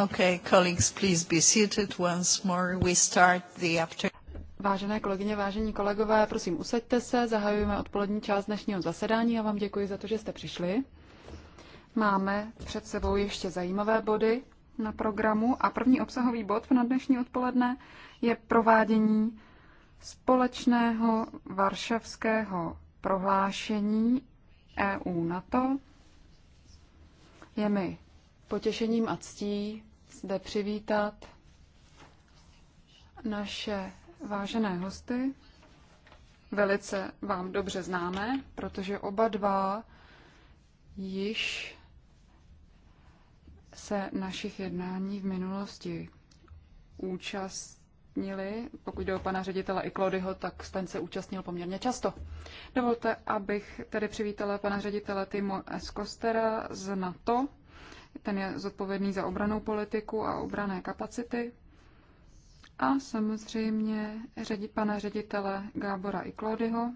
Okay, colleagues, please be seated once more. We start the after... Vážené kolegyně, vážení kolegové, prosím, usaďte se, zahajujeme odpolední část dnešního zasedání a vám děkuji za to, že jste přišli. Máme před sebou ještě zajímavé body na programu a první obsahový bod na dnešní odpoledne je provádění společného varšavského prohlášení EU NATO. Je mi potěšením a ctí zde přivítat naše vážené hosty. Velice vám dobře známe, protože oba dva již se našich jednání v minulosti účastnili. Pokud jde o pana ředitele Iklodyho, tak ten se účastnil poměrně často. Dovolte, abych tedy přivítala pana ředitele Timo Eskostera z NATO, ten je zodpovědný za obranou politiku a obrané kapacity. A samozřejmě ředi, pana ředitele Gábora i Klaudyho,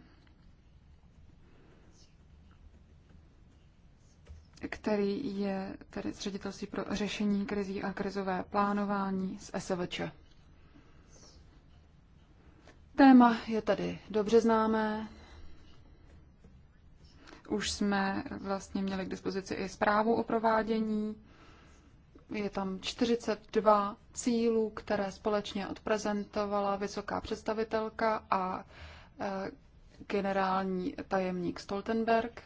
který je tedy z ředitelství pro řešení krizí a krizové plánování z SVČ. Téma je tady dobře známé, už jsme vlastně měli k dispozici i zprávu o provádění. Je tam 42 cílů, které společně odprezentovala vysoká představitelka a e, generální tajemník Stoltenberg.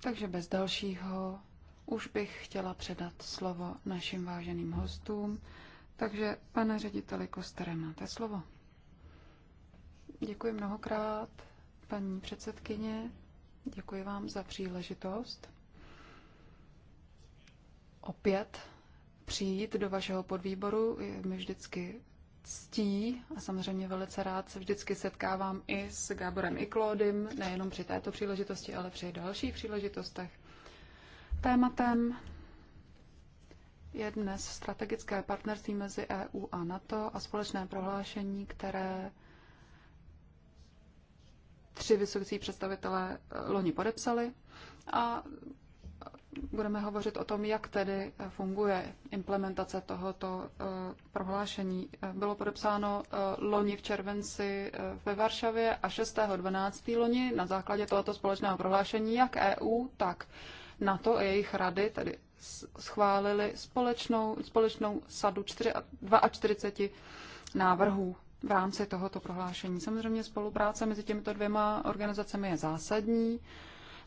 Takže bez dalšího už bych chtěla předat slovo našim váženým hostům. Takže, pane řediteli Kostere, máte slovo. Děkuji mnohokrát. Paní předsedkyně, děkuji vám za příležitost opět přijít do vašeho podvýboru. Je mi vždycky ctí a samozřejmě velice rád se vždycky setkávám i s Gáborem i Klódym, nejenom při této příležitosti, ale při dalších příležitostech. Tématem je dnes strategické partnerství mezi EU a NATO a společné prohlášení, které tři vysocí představitelé eh, loni podepsali a budeme hovořit o tom, jak tedy eh, funguje implementace tohoto eh, prohlášení. Bylo podepsáno loni v červenci ve Varšavě a 6.12. loni na základě tohoto společného prohlášení jak EU, tak NATO a jejich rady, tedy schválili společnou, společnou sadu 42 návrhů v rámci tohoto prohlášení. Samozřejmě spolupráce mezi těmito dvěma organizacemi je zásadní.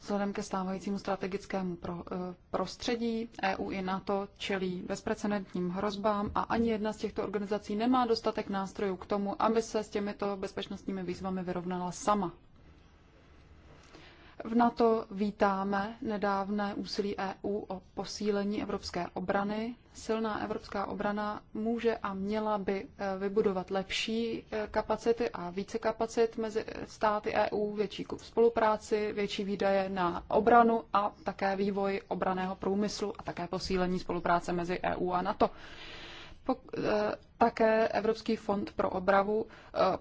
Vzhledem ke stávajícímu strategickému pro, eh, prostředí EU i NATO čelí bezprecedentním hrozbám a ani jedna z těchto organizací nemá dostatek nástrojů k tomu, aby se s těmito bezpečnostními výzvami vyrovnala sama. V NATO vítáme nedávné úsilí EU o posílení evropské obrany. Silná evropská obrana může a měla by eh, vybudovat lepší eh, kapacity a více kapacit mezi eh, státy EU, větší spolupráci, větší výdaje na obranu a také vývoj obraného průmyslu a také posílení spolupráce mezi EU a NATO také Evropský fond pro, obravu,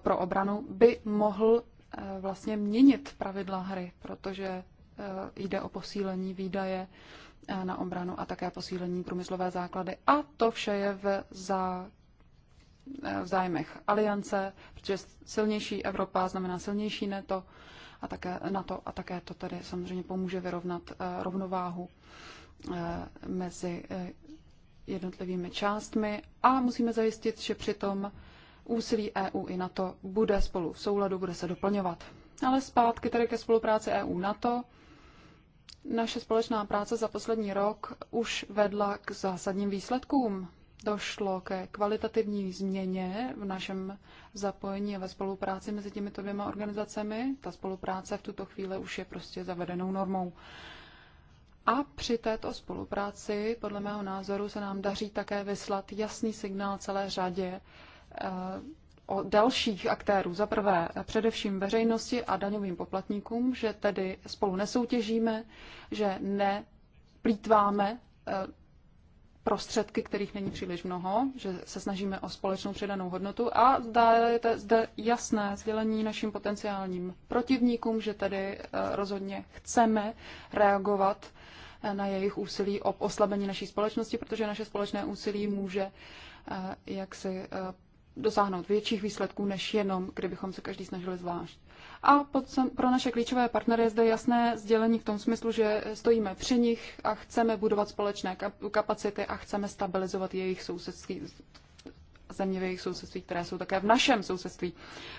pro obranu by mohl Eh, vlastně měnit pravidla hry, protože eh, jde o posílení výdaje eh, na obranu a také posílení průmyslové základy. A to vše je v, za, v zájmech aliance, protože silnější Evropa znamená silnější NATO a také NATO a také to tedy samozřejmě pomůže vyrovnat rovnováhu mezi jednotlivými částmi a musíme zajistit, že přitom úsilí EU i NATO bude spolu v souladu, bude se doplňovat. Ale zpátky tedy ke spolupráci EU-NATO. Naše společná práce za poslední rok už vedla k zásadním výsledkům. Došlo ke kvalitativní změně v našem zapojení a ve spolupráci mezi těmito dvěma organizacemi. Ta spolupráce v tuto chvíli už je prostě zavedenou normou. A při této spolupráci, podle mého názoru, se nám daří také vyslat jasný signál celé řadě Eh, o dalších aktérů, za prvé především veřejnosti a daňovým poplatníkům, že tedy spolu nesoutěžíme, že neplýtváme eh, prostředky, kterých není příliš mnoho, že se snažíme o společnou přidanou hodnotu a dále je zde jasné sdělení našim potenciálním protivníkům, že tedy eh, rozhodně chceme reagovat na jejich úsilí o oslabení naší společnosti, protože naše společné úsilí může jak si dosáhnout větších výsledků, než jenom, kdybychom se každý snažili zvlášť. A pro naše klíčové partnery je zde jasné sdělení v tom smyslu, že stojíme při nich a chceme budovat společné kapacity a chceme stabilizovat jejich sousedství země v jejich sousedství, které jsou také v našem sousedství.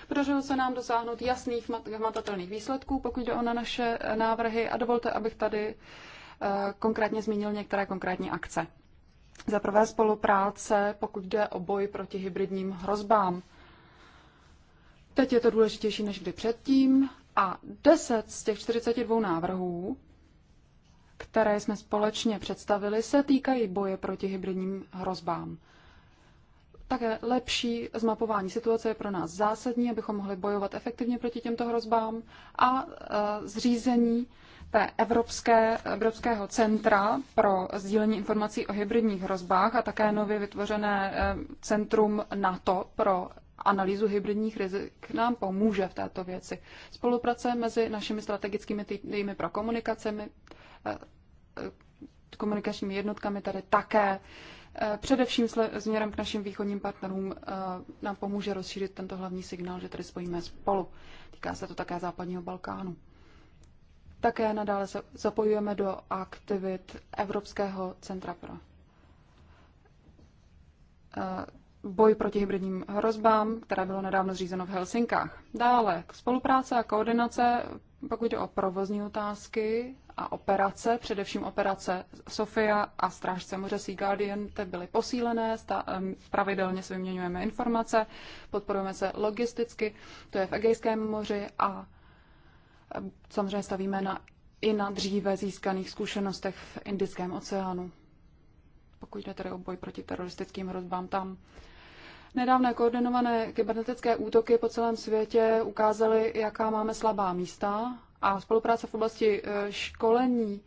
Podařilo se nám dosáhnout jasných hmatatelných výsledků, pokud jde o na naše návrhy a dovolte, abych tady eh, konkrétně zmínil některé konkrétní akce. Za prvé spolupráce, pokud jde o boj proti hybridním hrozbám. Teď je to důležitější než kdy předtím a 10 z těch 42 návrhů, které jsme společně představili, se týkají boje proti hybridním hrozbám. Také lepší zmapování situace je pro nás zásadní, abychom mohli bojovat efektivně proti těmto hrozbám a e, zřízení té Evropské, Evropského centra pro sdílení informací o hybridních hrozbách a také nově vytvořené eh, centrum NATO pro analýzu hybridních rizik nám pomůže v této věci. Spolupráce mezi našimi strategickými týmy pro komunikacemi, eh, komunikačními jednotkami tady také eh, Především směrem k našim východním partnerům nám pomůže rozšířit tento hlavní signál, že tady spojíme spolu. Týká se to také západního Balkánu. Také nadále zapojujeme do aktivit Evropského centra pro eh, boj proti hybridním hrozbám, které bylo nedávno zřízeno v Helsinkách. Dále spolupráce a koordinace, pokud jde o provozní otázky a operace, především operace Sofia a Strážce moře Sea Guardian, ty byly posílené, sta, pravidelně se vyměňujeme informace, podporujeme se logisticky, to je v Egejském moři a samozřejmě stavíme na, i na dříve získaných zkušenostech v Indickém oceánu. Pokud jde tedy o boj proti teroristickým hrozbám tam. Nedávné koordinované kybernetické útoky po celém světě ukázaly, jaká máme slabá místa a spolupráce v oblasti e, školení,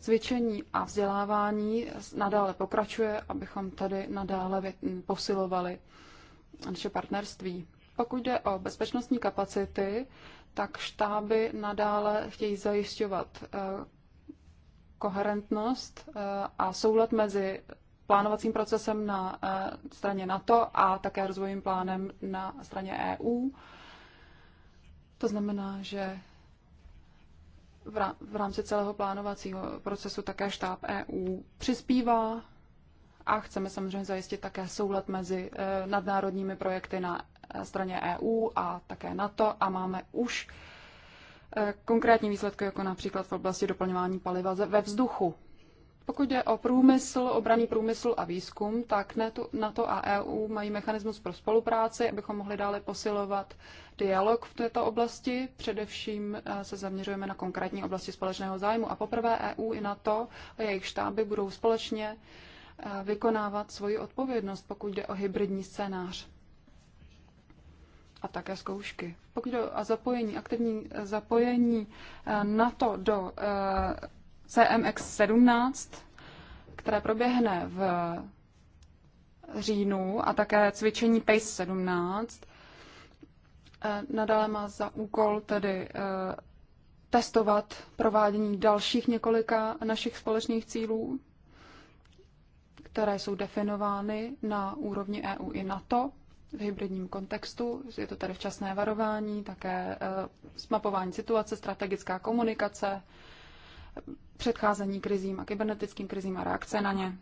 cvičení a vzdělávání nadále pokračuje, abychom tady nadále posilovali naše partnerství. Pokud jde o bezpečnostní kapacity, tak štáby nadále chtějí zajišťovat eh, koherentnost eh, a soulad mezi plánovacím procesem na eh, straně NATO a také rozvojovým plánem na straně EU. To znamená, že v rámci celého plánovacího procesu také štáb EU přispívá a chceme samozřejmě zajistit také soulad mezi nadnárodními projekty na straně EU a také NATO a máme už eh, konkrétní výsledky, jako například v oblasti doplňování paliva ve vzduchu. Pokud jde o průmysl, obraný průmysl a výzkum, tak NATO a EU mají mechanismus pro spolupráci, abychom mohli dále posilovat dialog v této oblasti. Především eh, se zaměřujeme na konkrétní oblasti společného zájmu. A poprvé EU i NATO a jejich štáby budou společně eh, vykonávat svoji odpovědnost, pokud jde o hybridní scénář a také zkoušky. Pokud do a zapojení, aktivní eh, zapojení eh, NATO do eh, CMX 17, které proběhne v říjnu a také cvičení PACE 17, nadále má za úkol tedy testovat provádění dalších několika našich společných cílů, které jsou definovány na úrovni EU i NATO v hybridním kontextu. Je to tady včasné varování, také smapování eh, situace, strategická komunikace, předcházení krizím a kybernetickým krizím a reakce na ně.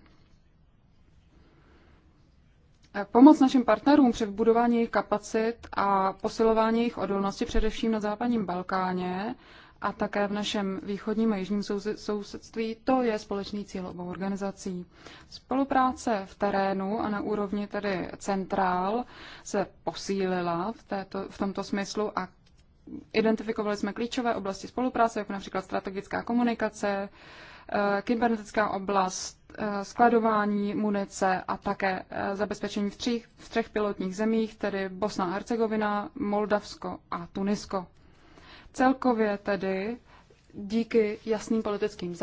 Eh, pomoc našim partnerům při vybudování jejich kapacit a posilování jejich odolnosti především na západním Balkáně a také v našem východním a jižním sousedství, to je společný cíl obou organizací. Spolupráce v terénu a na úrovni tedy centrál se posílila v, této, v tomto smyslu a identifikovali jsme klíčové oblasti spolupráce, jako například strategická komunikace, eh, kybernetická oblast, eh, skladování munice a také eh, zabezpečení v třech, v třech pilotních zemích, tedy Bosna a Hercegovina, Moldavsko a Tunisko. Celkově tedy díky jasným politickým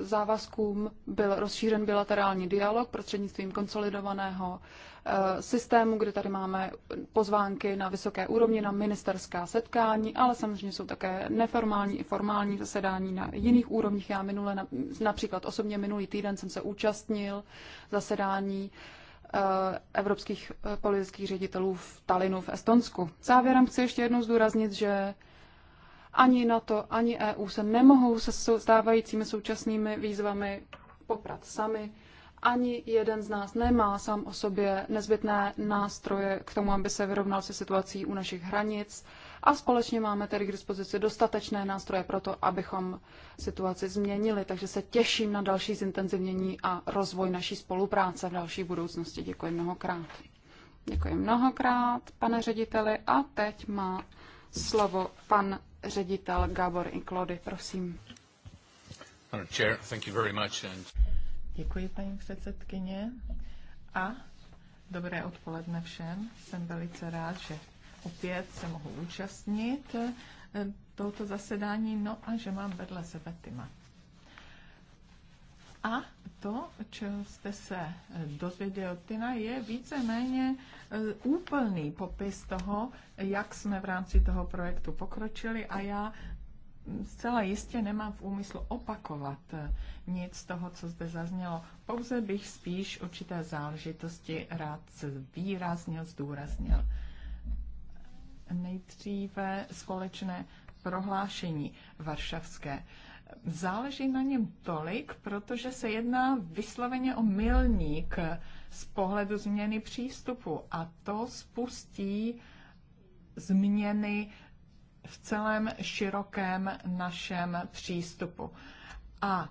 závazkům byl rozšířen bilaterální dialog prostřednictvím konsolidovaného eh, systému, kde tady máme pozvánky na vysoké úrovni, na ministerská setkání, ale samozřejmě jsou také neformální i formální zasedání na jiných úrovních. Já minule, například osobně minulý týden jsem se účastnil zasedání eh, evropských eh, politických ředitelů v Talinu v Estonsku. Závěrem chci ještě jednou zdůraznit, že ani NATO, ani EU se nemohou se stávajícími současnými výzvami poprat sami. Ani jeden z nás nemá sám o sobě nezbytné nástroje k tomu, aby se vyrovnal se situací u našich hranic. A společně máme tedy k dispozici dostatečné nástroje pro to, abychom situaci změnili. Takže se těším na další zintenzivnění a rozvoj naší spolupráce v další budoucnosti. Děkuji mnohokrát. Děkuji mnohokrát, pane řediteli. A teď má slovo pan ředitel Gábor Inklody. Prosím. Děkuji, paní předsedkyně. A dobré odpoledne všem. Jsem velice rád, že opět se mohu účastnit eh, tohoto zasedání, no a že mám vedle sebe Tima a to, co jste se dozvěděl, Tina, je víceméně e, úplný popis toho, jak jsme v rámci toho projektu pokročili a já zcela jistě nemám v úmyslu opakovat e, nic z toho, co zde zaznělo. Pouze bych spíš určité záležitosti rád výraznil, zdůraznil. Nejdříve společné prohlášení varšavské záleží na něm tolik, protože se jedná vysloveně o milník z pohledu změny přístupu a to spustí změny v celém širokém našem přístupu. A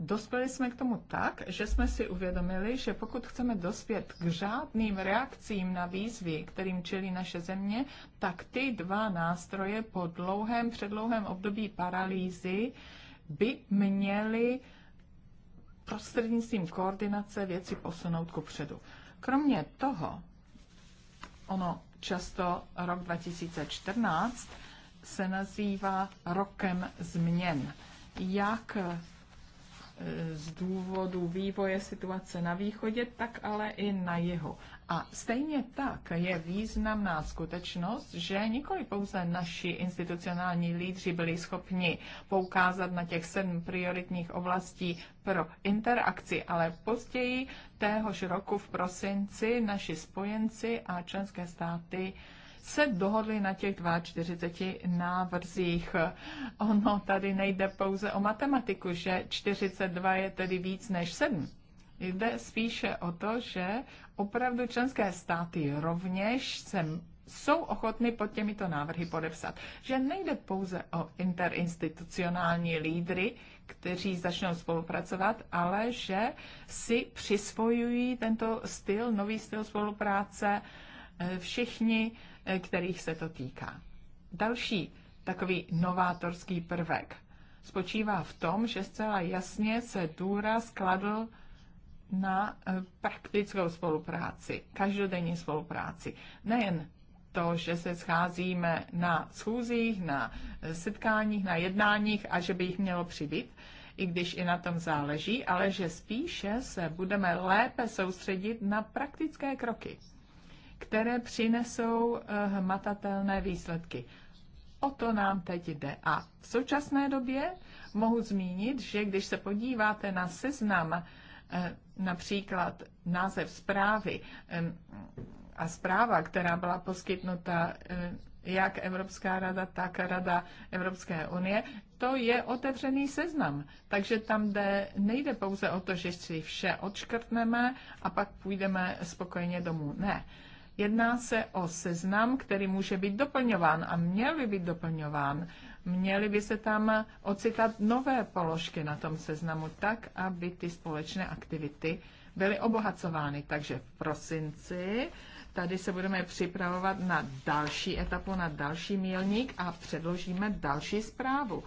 dospěli jsme k tomu tak, že jsme si uvědomili, že pokud chceme dospět k žádným reakcím na výzvy, kterým čelí naše země, tak ty dva nástroje po dlouhém, předlouhém období paralýzy by měly prostřednictvím koordinace věci posunout ku předu. Kromě toho, ono často rok 2014 se nazývá rokem změn. Jak e, z důvodu vývoje situace na východě, tak ale i na jihu. A stejně tak je významná skutečnost, že nikoli pouze naši institucionální lídři byli schopni poukázat na těch sedm prioritních oblastí pro interakci, ale později téhož roku v prosinci naši spojenci a členské státy se dohodli na těch 42 návrzích. Ono tady nejde pouze o matematiku, že 42 je tedy víc než 7. Jde spíše o to, že opravdu členské státy rovněž jsem jsou ochotny pod těmito návrhy podepsat. Že nejde pouze o interinstitucionální lídry, kteří začnou spolupracovat, ale že si přisvojují tento styl, nový styl spolupráce eh, všichni, eh, kterých se to týká. Další takový novátorský prvek spočívá v tom, že zcela jasně se důraz kladl na eh, praktickou spolupráci, každodenní spolupráci. Nejen to, že se scházíme na schůzích, na eh, setkáních, na jednáních a že by jich mělo přibýt, i když i na tom záleží, ale že spíše se budeme lépe soustředit na praktické kroky, které přinesou eh, hmatatelné výsledky. O to nám teď jde. A v současné době mohu zmínit, že když se podíváte na seznam například název zprávy a zpráva, která byla poskytnuta jak Evropská rada, tak Rada Evropské unie, to je otevřený seznam. Takže tam jde, nejde pouze o to, že si vše odškrtneme a pak půjdeme spokojeně domů. Ne. Jedná se o seznam, který může být doplňován a měl by být doplňován Měly by se tam ocitat nové položky na tom seznamu tak, aby ty společné aktivity byly obohacovány. Takže v prosinci tady se budeme připravovat na další etapu, na další mílník a předložíme další zprávu.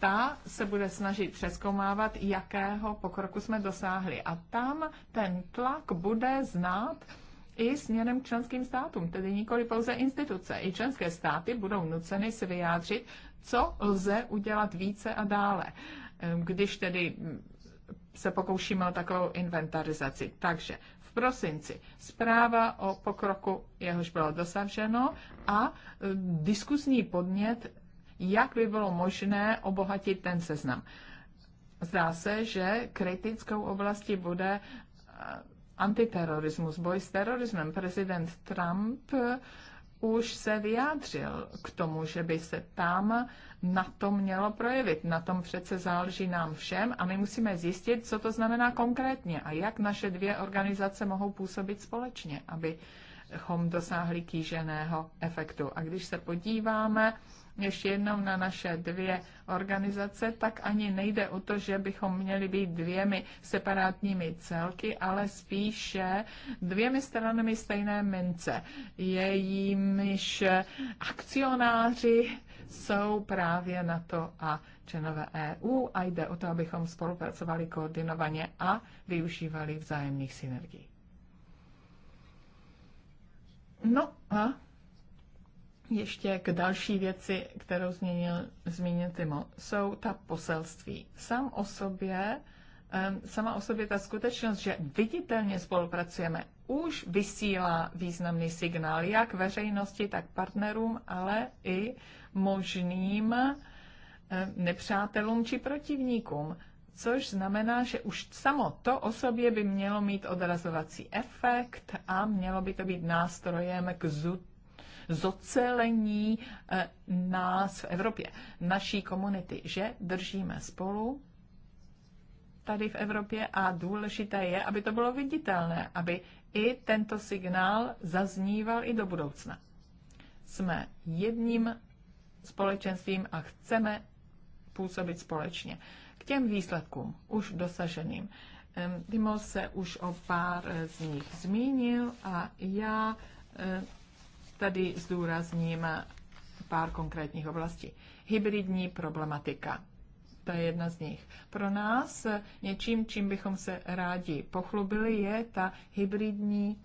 Ta se bude snažit přeskoumávat, jakého pokroku jsme dosáhli. A tam ten tlak bude znát i směrem k členským státům, tedy nikoli pouze instituce. I členské státy budou nuceny se vyjádřit, co lze udělat více a dále, eh, když tedy mm, se pokoušíme o takovou inventarizaci. Takže v prosinci zpráva o pokroku, jehož bylo dosaženo, a eh, diskusní podnět, jak by bylo možné obohatit ten seznam. Zdá se, že kritickou oblastí bude eh, antiterorismus, boj s terorismem. Prezident Trump už se vyjádřil k tomu, že by se tam na to mělo projevit. Na tom přece záleží nám všem a my musíme zjistit, co to znamená konkrétně a jak naše dvě organizace mohou působit společně, abychom dosáhli kýženého efektu. A když se podíváme ještě jednou na naše dvě organizace, tak ani nejde o to, že bychom měli být dvěmi separátními celky, ale spíše dvěmi stranami stejné mince. Jejímiž akcionáři jsou právě na to a členové EU a jde o to, abychom spolupracovali koordinovaně a využívali vzájemných synergií. No a ještě k další věci, kterou zmínil zmínil Timo, jsou ta poselství. Sam o sobě, sama o sobě ta skutečnost, že viditelně spolupracujeme, už vysílá významný signál jak veřejnosti, tak partnerům, ale i možným nepřátelům či protivníkům. Což znamená, že už samo to o sobě by mělo mít odrazovací efekt a mělo by to být nástrojem k zut zocelení eh, nás v Evropě, naší komunity, že držíme spolu tady v Evropě a důležité je, aby to bylo viditelné, aby i tento signál zazníval i do budoucna. Jsme jedním společenstvím a chceme působit společně. K těm výsledkům už dosaženým. Timo se už o pár z nich zmínil a já Tady zdůrazním pár konkrétních oblastí. Hybridní problematika. To je jedna z nich. Pro nás něčím, čím bychom se rádi pochlubili, je ta hybridní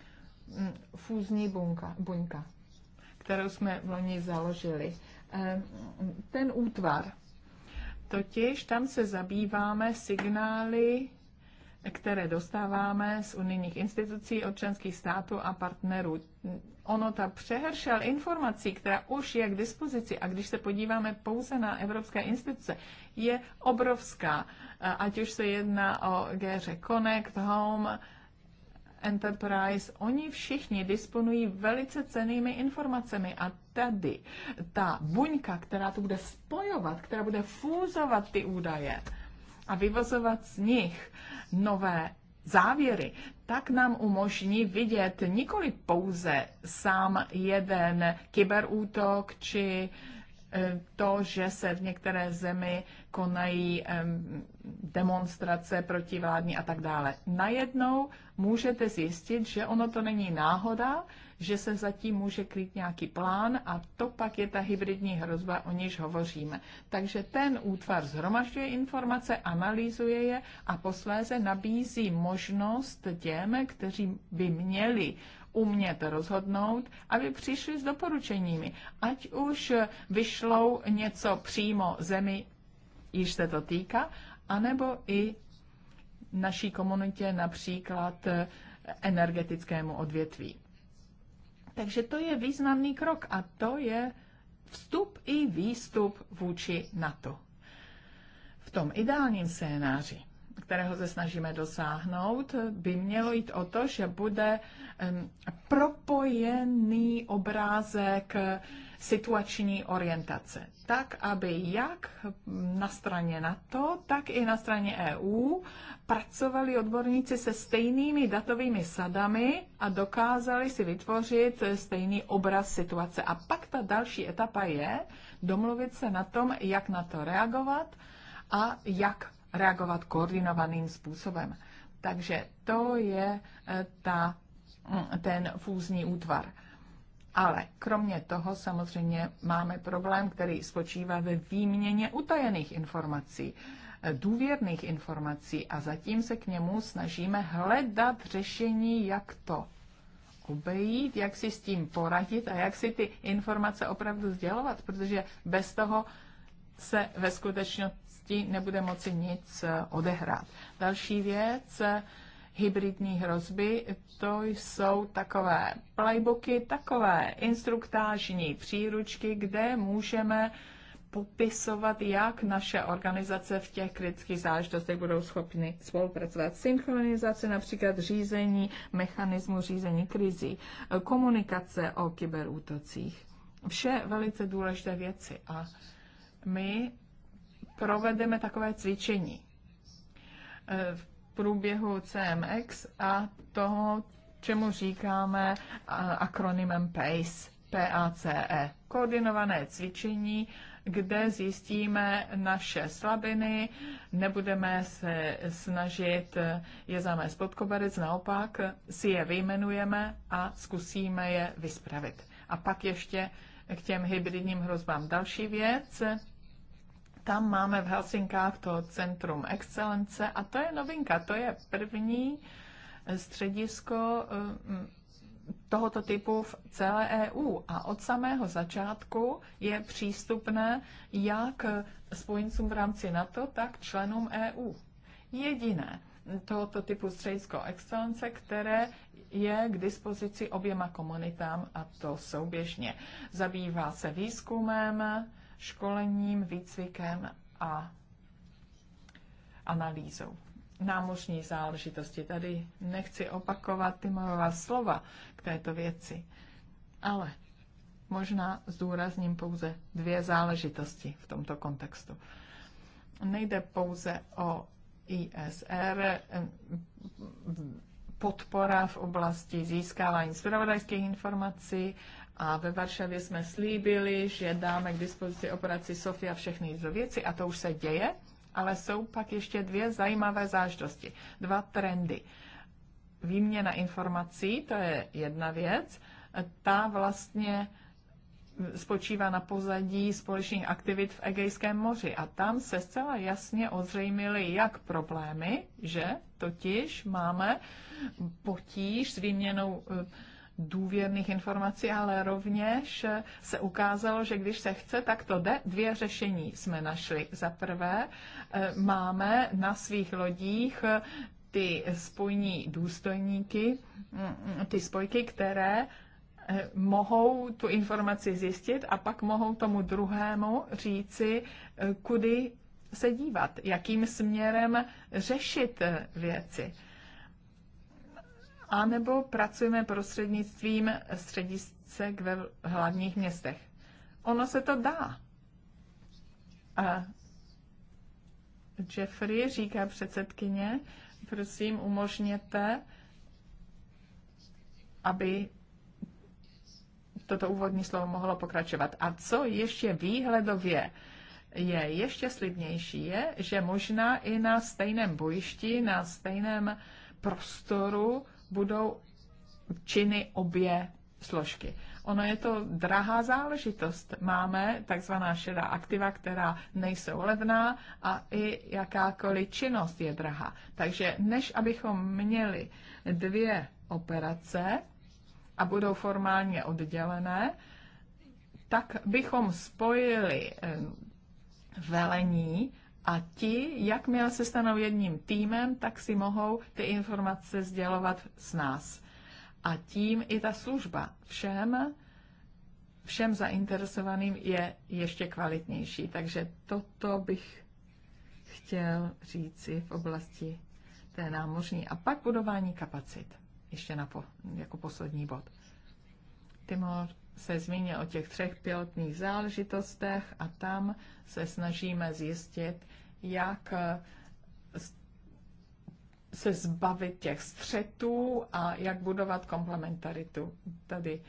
mm, fúzní bunka, buňka, kterou jsme v loni založili. Ehm, ten útvar, totiž tam se zabýváme signály, které dostáváme z unijních institucí, od členských států a partnerů ono ta přehršel informací, která už je k dispozici, a když se podíváme pouze na evropské instituce, je obrovská. Ať už se jedná o GR Connect, Home, Enterprise, oni všichni disponují velice cenými informacemi a tady ta buňka, která to bude spojovat, která bude fúzovat ty údaje a vyvozovat z nich nové závěry, tak nám umožní vidět nikoli pouze sám jeden kyberútok či eh, to, že se v některé zemi konají demonstrace protivládní a tak dále. Najednou můžete zjistit, že ono to není náhoda, že se zatím může krýt nějaký plán a to pak je ta hybridní hrozba, o níž hovoříme. Takže ten útvar zhromažďuje informace, analýzuje je a posléze nabízí možnost těm, kteří by měli umět rozhodnout, aby přišli s doporučeními. Ať už vyšlou něco přímo zemi, již se to týká, anebo i naší komunitě, například eh, energetickému odvětví. Takže to je významný krok a to je vstup i výstup vůči NATO. V tom ideálním scénáři, kterého se snažíme dosáhnout, by mělo jít o to, že bude um, propojený obrázek uh, situační orientace. Tak, aby jak na straně NATO, tak i na straně EU pracovali odborníci se stejnými datovými sadami a dokázali si vytvořit stejný obraz situace. A pak ta další etapa je domluvit se na tom, jak na to reagovat a jak reagovat koordinovaným způsobem. Takže to je eh, ta, mm, ten fúzní útvar. Ale kromě toho samozřejmě máme problém, který spočívá ve výměně utajených informací, důvěrných informací a zatím se k němu snažíme hledat řešení, jak to obejít, jak si s tím poradit a jak si ty informace opravdu sdělovat, protože bez toho se ve skutečnosti nebude moci nic odehrát. Další věc, hybridní hrozby, to jsou takové playbooky, takové instruktážní příručky, kde můžeme popisovat, jak naše organizace v těch kritických záležitostech budou schopny spolupracovat. Synchronizace, například řízení, mechanismu řízení krizí, komunikace o kyberútocích. Vše velice důležité věci a my provedeme takové cvičení. V eh, průběhu CMX a toho, čemu říkáme akronymem PACE, P-A-C-E, koordinované cvičení, kde zjistíme naše slabiny, nebudeme se snažit je zamést pod koberec, naopak si je vyjmenujeme a zkusíme je vyspravit. A pak ještě k těm hybridním hrozbám další věc, tam máme v Helsinkách to Centrum Excelence a to je novinka, to je první eh, středisko eh, mm, tohoto typu v celé EU a od samého začátku je přístupné jak eh, spojencům v rámci NATO, tak členům EU. Jediné mm, tohoto typu středisko excelence, které je k dispozici oběma komunitám a to souběžně. Zabývá se výzkumem, školením, výcvikem a analýzou. Námořní záležitosti. Tady nechci opakovat ty mojová slova k této věci, ale možná zdůrazním pouze dvě záležitosti v tomto kontextu. Nejde pouze o ISR, eh, podpora v oblasti získávání zpravodajských informací a ve Varšavě jsme slíbili, že dáme k dispozici operaci Sofia všechny tyto věci a to už se děje, ale jsou pak ještě dvě zajímavé záždosti, dva trendy. Výměna informací, to je jedna věc, ta vlastně spočívá na pozadí společných aktivit v Egejském moři. A tam se zcela jasně ozřejmily jak problémy, že totiž máme potíž s výměnou eh, důvěrných informací, ale rovněž se ukázalo, že když se chce, tak to jde. Dvě řešení jsme našli. Za prvé, eh, máme na svých lodích eh, ty spojní důstojníky, mm, ty spojky, které eh, mohou tu informaci zjistit a pak mohou tomu druhému říci, kudy se dívat, jakým směrem řešit věci. A nebo pracujeme prostřednictvím středisek ve hlavních městech. Ono se to dá. A Jeffrey, říká předsedkyně, prosím, umožněte, aby toto úvodní slovo mohlo pokračovat. A co ještě výhledově je ještě slibnější, je, že možná i na stejném bojišti, na stejném prostoru budou činy obě složky. Ono je to drahá záležitost. Máme takzvaná šedá aktiva, která nejsou levná a i jakákoliv činnost je drahá. Takže než abychom měli dvě operace a budou formálně oddělené, tak bychom spojili eh, velení a ti, jakmile se stanou jedním týmem, tak si mohou ty informace sdělovat s nás. A tím i ta služba všem, všem zainteresovaným je ještě kvalitnější. Takže toto bych chtěl říci v oblasti té námořní. A pak budování kapacit, ještě na po, jako poslední bod. Timor se zmínil o těch třech pilotních záležitostech a tam se snažíme zjistit, jak eh, se zbavit těch střetů a jak budovat komplementaritu. Tady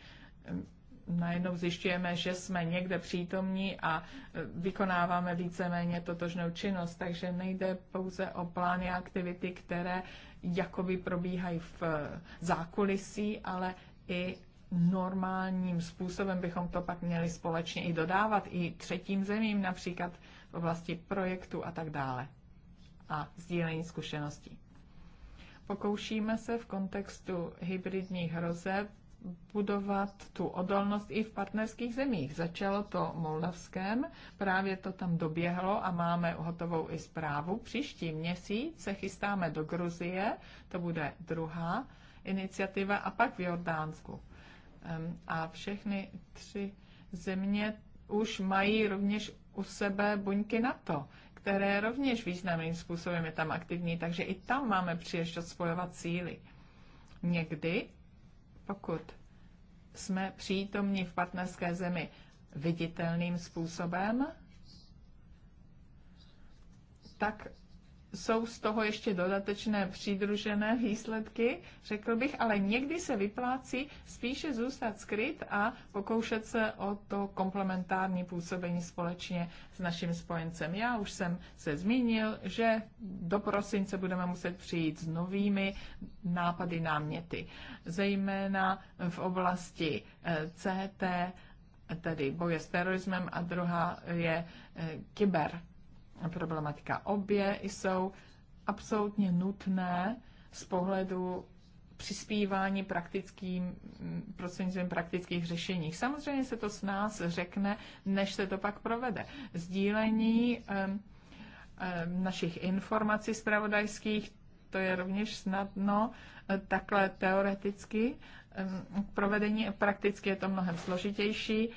najednou zjišťujeme, že jsme někde přítomní a eh, vykonáváme víceméně totožnou činnost, takže nejde pouze o plány a aktivity, které jakoby probíhají v eh, zákulisí, ale i normálním způsobem bychom to pak měli společně i dodávat i třetím zemím, například oblasti projektu a tak dále a sdílení zkušeností. Pokoušíme se v kontextu hybridních hrozeb budovat tu odolnost i v partnerských zemích. Začalo to Moldavském, právě to tam doběhlo a máme hotovou i zprávu. Příští měsíc se chystáme do Gruzie, to bude druhá iniciativa, a pak v Jordánsku. A všechny tři země už mají rovněž u sebe buňky NATO, které rovněž významným způsobem je tam aktivní, takže i tam máme příležitost spojovat síly. Někdy, pokud jsme přítomní v partnerské zemi viditelným způsobem, tak jsou z toho ještě dodatečné přidružené výsledky, řekl bych, ale někdy se vyplácí spíše zůstat skryt a pokoušet se o to komplementární působení společně s naším spojencem. Já už jsem se zmínil, že do prosince budeme muset přijít s novými nápady náměty, zejména v oblasti eh, CT, tedy boje s terorismem a druhá je eh, kyber problematika. Obě jsou absolutně nutné z pohledu přispívání praktickým, prostřednictvím praktických řešení. Samozřejmě se to s nás řekne, než se to pak provede. Sdílení um, um, našich informací zpravodajských, to je rovněž snadno, eh, takhle teoreticky, k provedení. Prakticky je to mnohem složitější.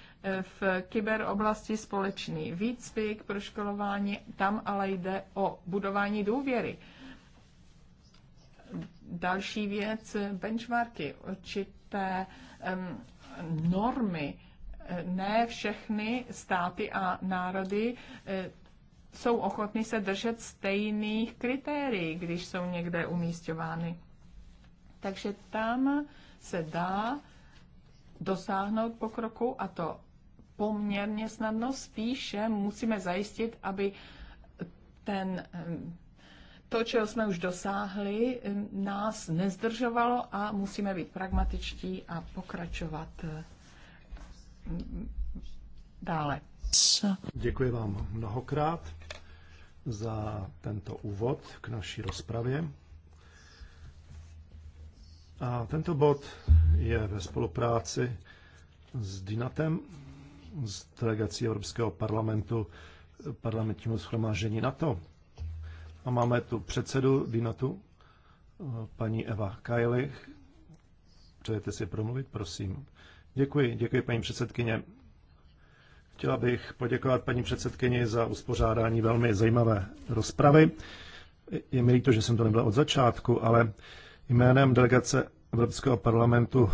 V kyberoblasti společný výcvik, proškolování, tam ale jde o budování důvěry. Další věc, benchmarky, určité um, normy. Ne všechny státy a národy jsou ochotny se držet stejných kritérií, když jsou někde umístěvány. Takže tam se dá dosáhnout pokroku a to poměrně snadno. Spíše musíme zajistit, aby ten, to, čeho jsme už dosáhli, nás nezdržovalo a musíme být pragmatičtí a pokračovat mm, dále. Děkuji vám mnohokrát za tento úvod k naší rozpravě. A tento bod je ve spolupráci s DINATem, s delegací Evropského parlamentu, parlamentního schromáždění NATO. A máme tu předsedu DINATu, paní Eva Kajlich. Přejete si promluvit, prosím. Děkuji, děkuji paní předsedkyně. Chtěla bych poděkovat paní předsedkyni za uspořádání velmi zajímavé rozpravy. Je mi líto, že jsem to nebyl od začátku, ale Jménem delegace Evropského parlamentu,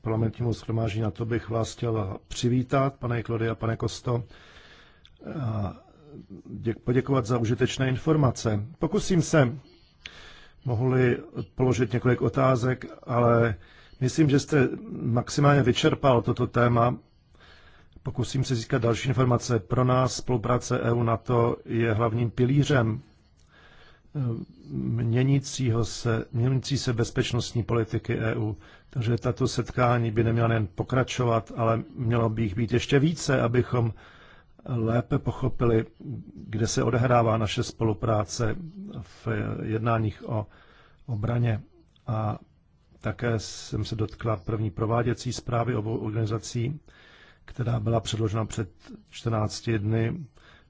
parlamentnímu schromáždění, na to bych vás chtěl přivítat, pane Klody a pane Kosto, a poděkovat za užitečné informace. Pokusím se, mohli položit několik otázek, ale myslím, že jste maximálně vyčerpal toto téma. Pokusím se získat další informace. Pro nás spolupráce EU-NATO je hlavním pilířem měnícího se, měnící se bezpečnostní politiky EU. Takže tato setkání by neměla jen pokračovat, ale mělo by jich být ještě více, abychom lépe pochopili, kde se odehrává naše spolupráce v jednáních o obraně. A také jsem se dotkla první prováděcí zprávy obou organizací, která byla předložena před 14 dny.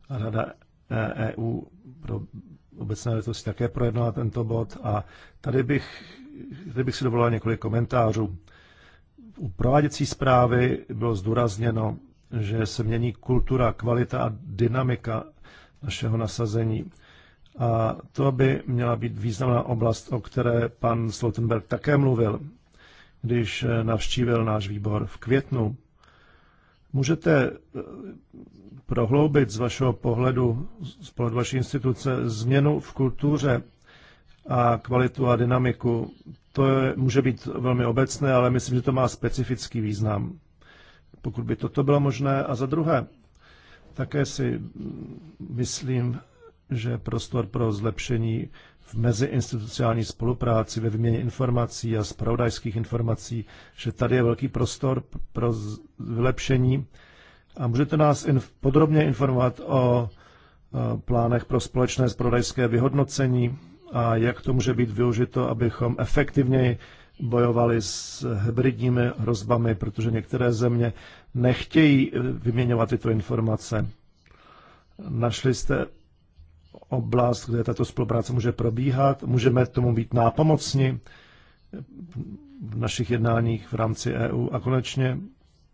Rada EU e pro obecné letosti také projednala tento bod a tady bych, tady bych si dovolil několik komentářů. U prováděcí zprávy bylo zdůrazněno, že se mění kultura, kvalita a dynamika našeho nasazení. A to by měla být významná oblast, o které pan Slotenberg také mluvil, když navštívil náš výbor v květnu Můžete eh, prohloubit z vašeho pohledu, z pohledu vaší instituce, změnu v kultuře a kvalitu a dynamiku. To je, může být velmi obecné, ale myslím, že to má specifický význam. Pokud by toto bylo možné. A za druhé, také si mm, myslím, že prostor pro zlepšení v meziinstitucionální spolupráci, ve výměně informací a zpravodajských informací, že tady je velký prostor pro vylepšení. A můžete nás inf- podrobně informovat o plánech pro společné zpravodajské vyhodnocení a jak to může být využito, abychom efektivněji bojovali s hybridními hrozbami, protože některé země nechtějí e, vyměňovat tyto informace. Našli jste oblast, kde tato spolupráce může probíhat. Můžeme tomu být nápomocni v našich jednáních v rámci EU. A konečně,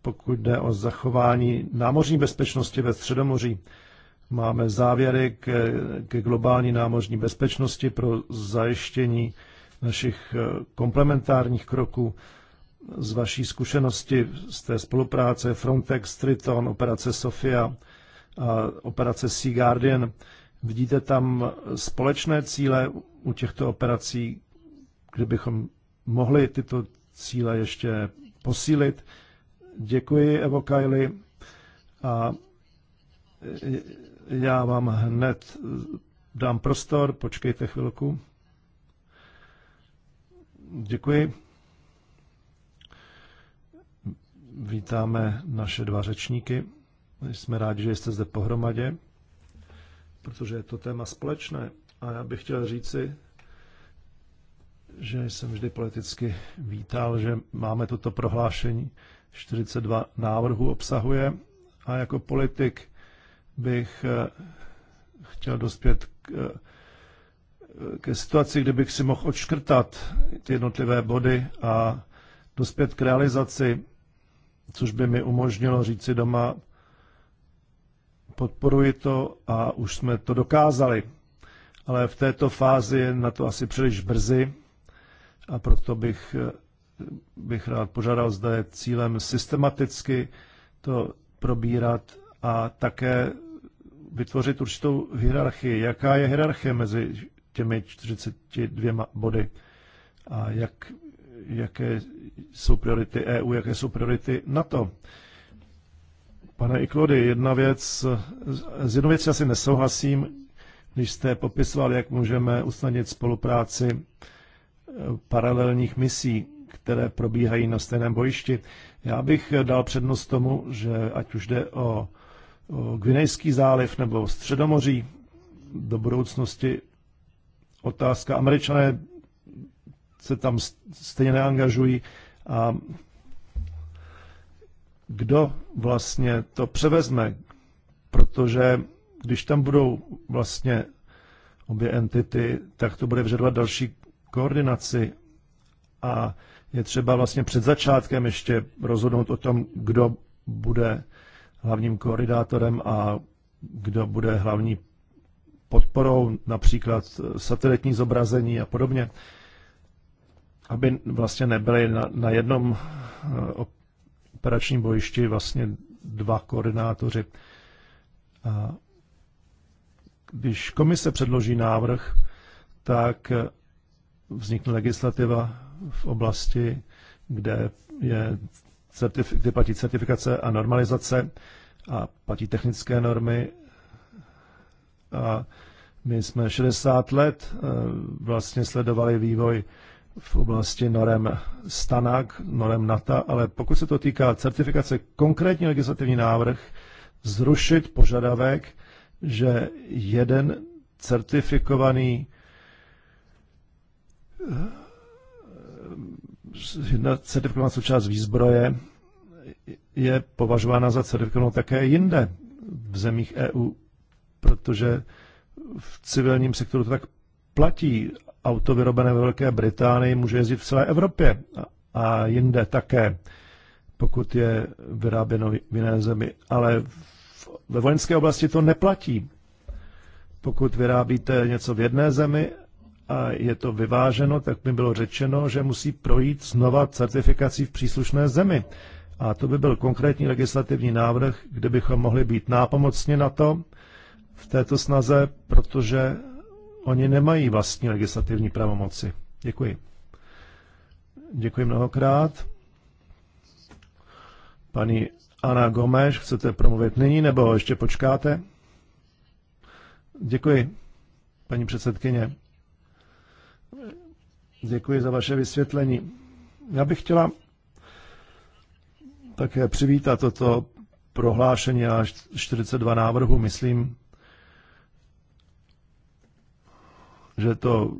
pokud jde o zachování námořní bezpečnosti ve Středomoří, máme závěry ke, globální námořní bezpečnosti pro zajištění našich eh, komplementárních kroků z vaší zkušenosti z té spolupráce Frontex, Triton, operace Sofia a operace Sea Guardian Vidíte tam společné cíle u těchto operací, kdybychom mohli tyto cíle ještě posílit. Děkuji, Evo Kajli. A já vám hned dám prostor, počkejte chvilku. Děkuji. Vítáme naše dva řečníky. Jsme rádi, že jste zde pohromadě protože je to téma společné. A já bych chtěl říci, že jsem vždy politicky vítal, že máme toto prohlášení. 42 návrhů obsahuje a jako politik bych eh, chtěl dospět k, eh, ke situaci, kde bych si mohl odškrtat ty jednotlivé body a dospět k realizaci, což by mi umožnilo říci doma, podporuji to a už jsme to dokázali. Ale v této fázi je na to asi příliš brzy a proto bych, bych rád požádal, zda je cílem systematicky to probírat a také vytvořit určitou hierarchii. Jaká je hierarchie mezi těmi 42 body a jak, jaké jsou priority EU, jaké jsou priority NATO? Pane Iklody, jedna věc, z jednou věcí asi nesouhlasím, když jste popisoval, jak můžeme usnadnit spolupráci eh, paralelních misí, které probíhají na stejném bojišti. Já bych eh, dal přednost tomu, že ať už jde o, o Gvinejský záliv nebo o Středomoří, do budoucnosti otázka. Američané se tam stejně neangažují a kdo vlastně to převezme, protože když tam budou vlastně obě entity, tak to bude vyžadovat další koordinaci a je třeba vlastně před začátkem ještě rozhodnout o tom, kdo bude hlavním koordinátorem a kdo bude hlavní podporou, například satelitní zobrazení a podobně, aby vlastně nebyly na, na jednom eh, operačním bojišti vlastně dva koordinátoři. A když komise předloží návrh, tak vznikne legislativa v oblasti, kde, je certif- kde platí certifikace a normalizace a platí technické normy. A my jsme 60 let eh, vlastně sledovali vývoj v oblasti norem Stanak, norem NATA, ale pokud se to týká certifikace, konkrétní legislativní návrh zrušit požadavek, že jeden certifikovaný eh, jedna certifikovaná součást výzbroje je považována za certifikovanou také jinde v zemích EU, protože v civilním sektoru to tak platí auto vyrobené ve Velké Británii může jezdit v celé Evropě a jinde také, pokud je vyráběno v jiné zemi. Ale ve vojenské oblasti to neplatí. Pokud vyrábíte něco v jedné zemi a je to vyváženo, tak mi bylo řečeno, že musí projít znova certifikací v příslušné zemi. A to by byl konkrétní legislativní návrh, kde bychom mohli být nápomocni na to v této snaze, protože Oni nemají vlastní legislativní pravomoci. Děkuji. Děkuji mnohokrát. Paní Ana Gomeš, chcete promluvit nyní nebo ještě počkáte? Děkuji, paní předsedkyně. Děkuji za vaše vysvětlení. Já bych chtěla také přivítat toto prohlášení a 42 návrhů. Myslím, že je to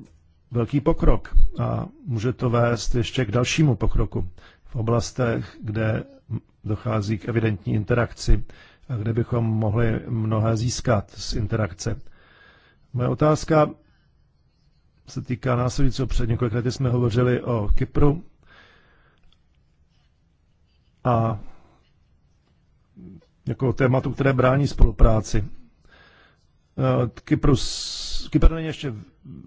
velký pokrok a může to vést ještě k dalšímu pokroku v oblastech, kde dochází k evidentní interakci a kde bychom mohli mnohé získat z interakce. Moje otázka se týká následujícího. Před několik lety jsme hovořili o Kypru a jako tématu, které brání spolupráci. E, Kyprus, Kypr není ještě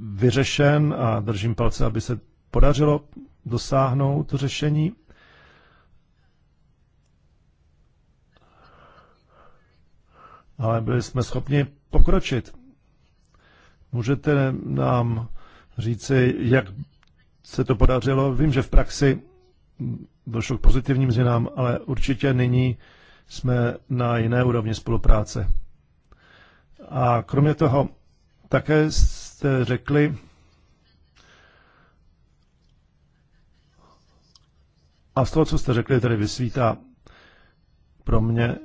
vyřešen a držím palce, aby se podařilo dosáhnout to řešení. Ale byli jsme schopni pokročit. Můžete nám říci, jak se to podařilo? Vím, že v praxi došlo k pozitivním změnám, ale určitě nyní jsme na jiné úrovni spolupráce. A kromě toho také jste řekli, a z toho, co jste řekli, tedy vysvítá pro mě,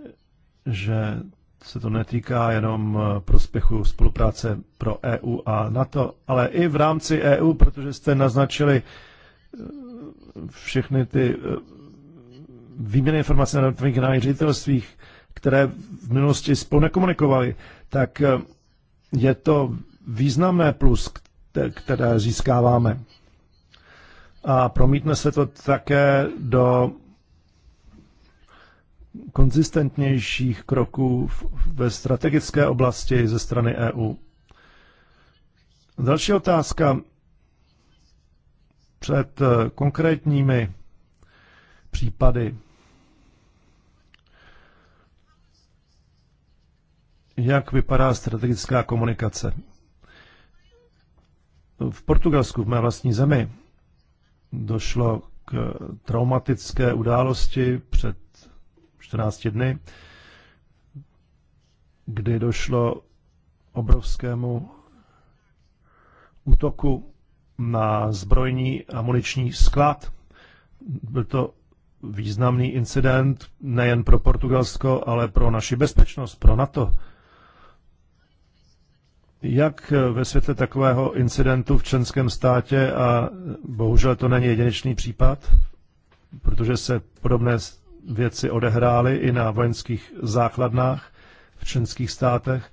že se to netýká jenom eh, prospěchu spolupráce pro EU a NATO, ale i v rámci EU, protože jste naznačili eh, všechny ty eh, výměny informací na tvých generálních ředitelstvích, které v minulosti spolu nekomunikovali, tak je to významné plus, které získáváme. A promítne se to také do konzistentnějších kroků ve strategické oblasti ze strany EU. Další otázka před eh, konkrétními případy. Jak vypadá strategická komunikace? V Portugalsku, v mé vlastní zemi, došlo k traumatické události před 14 dny, kdy došlo obrovskému útoku na zbrojní a muniční sklad. Byl to významný incident nejen pro Portugalsko, ale pro naši bezpečnost, pro NATO jak eh, ve světle takového incidentu v členském státě, a bohužel to není jedinečný případ, protože se podobné věci odehrály i na vojenských základnách v členských státech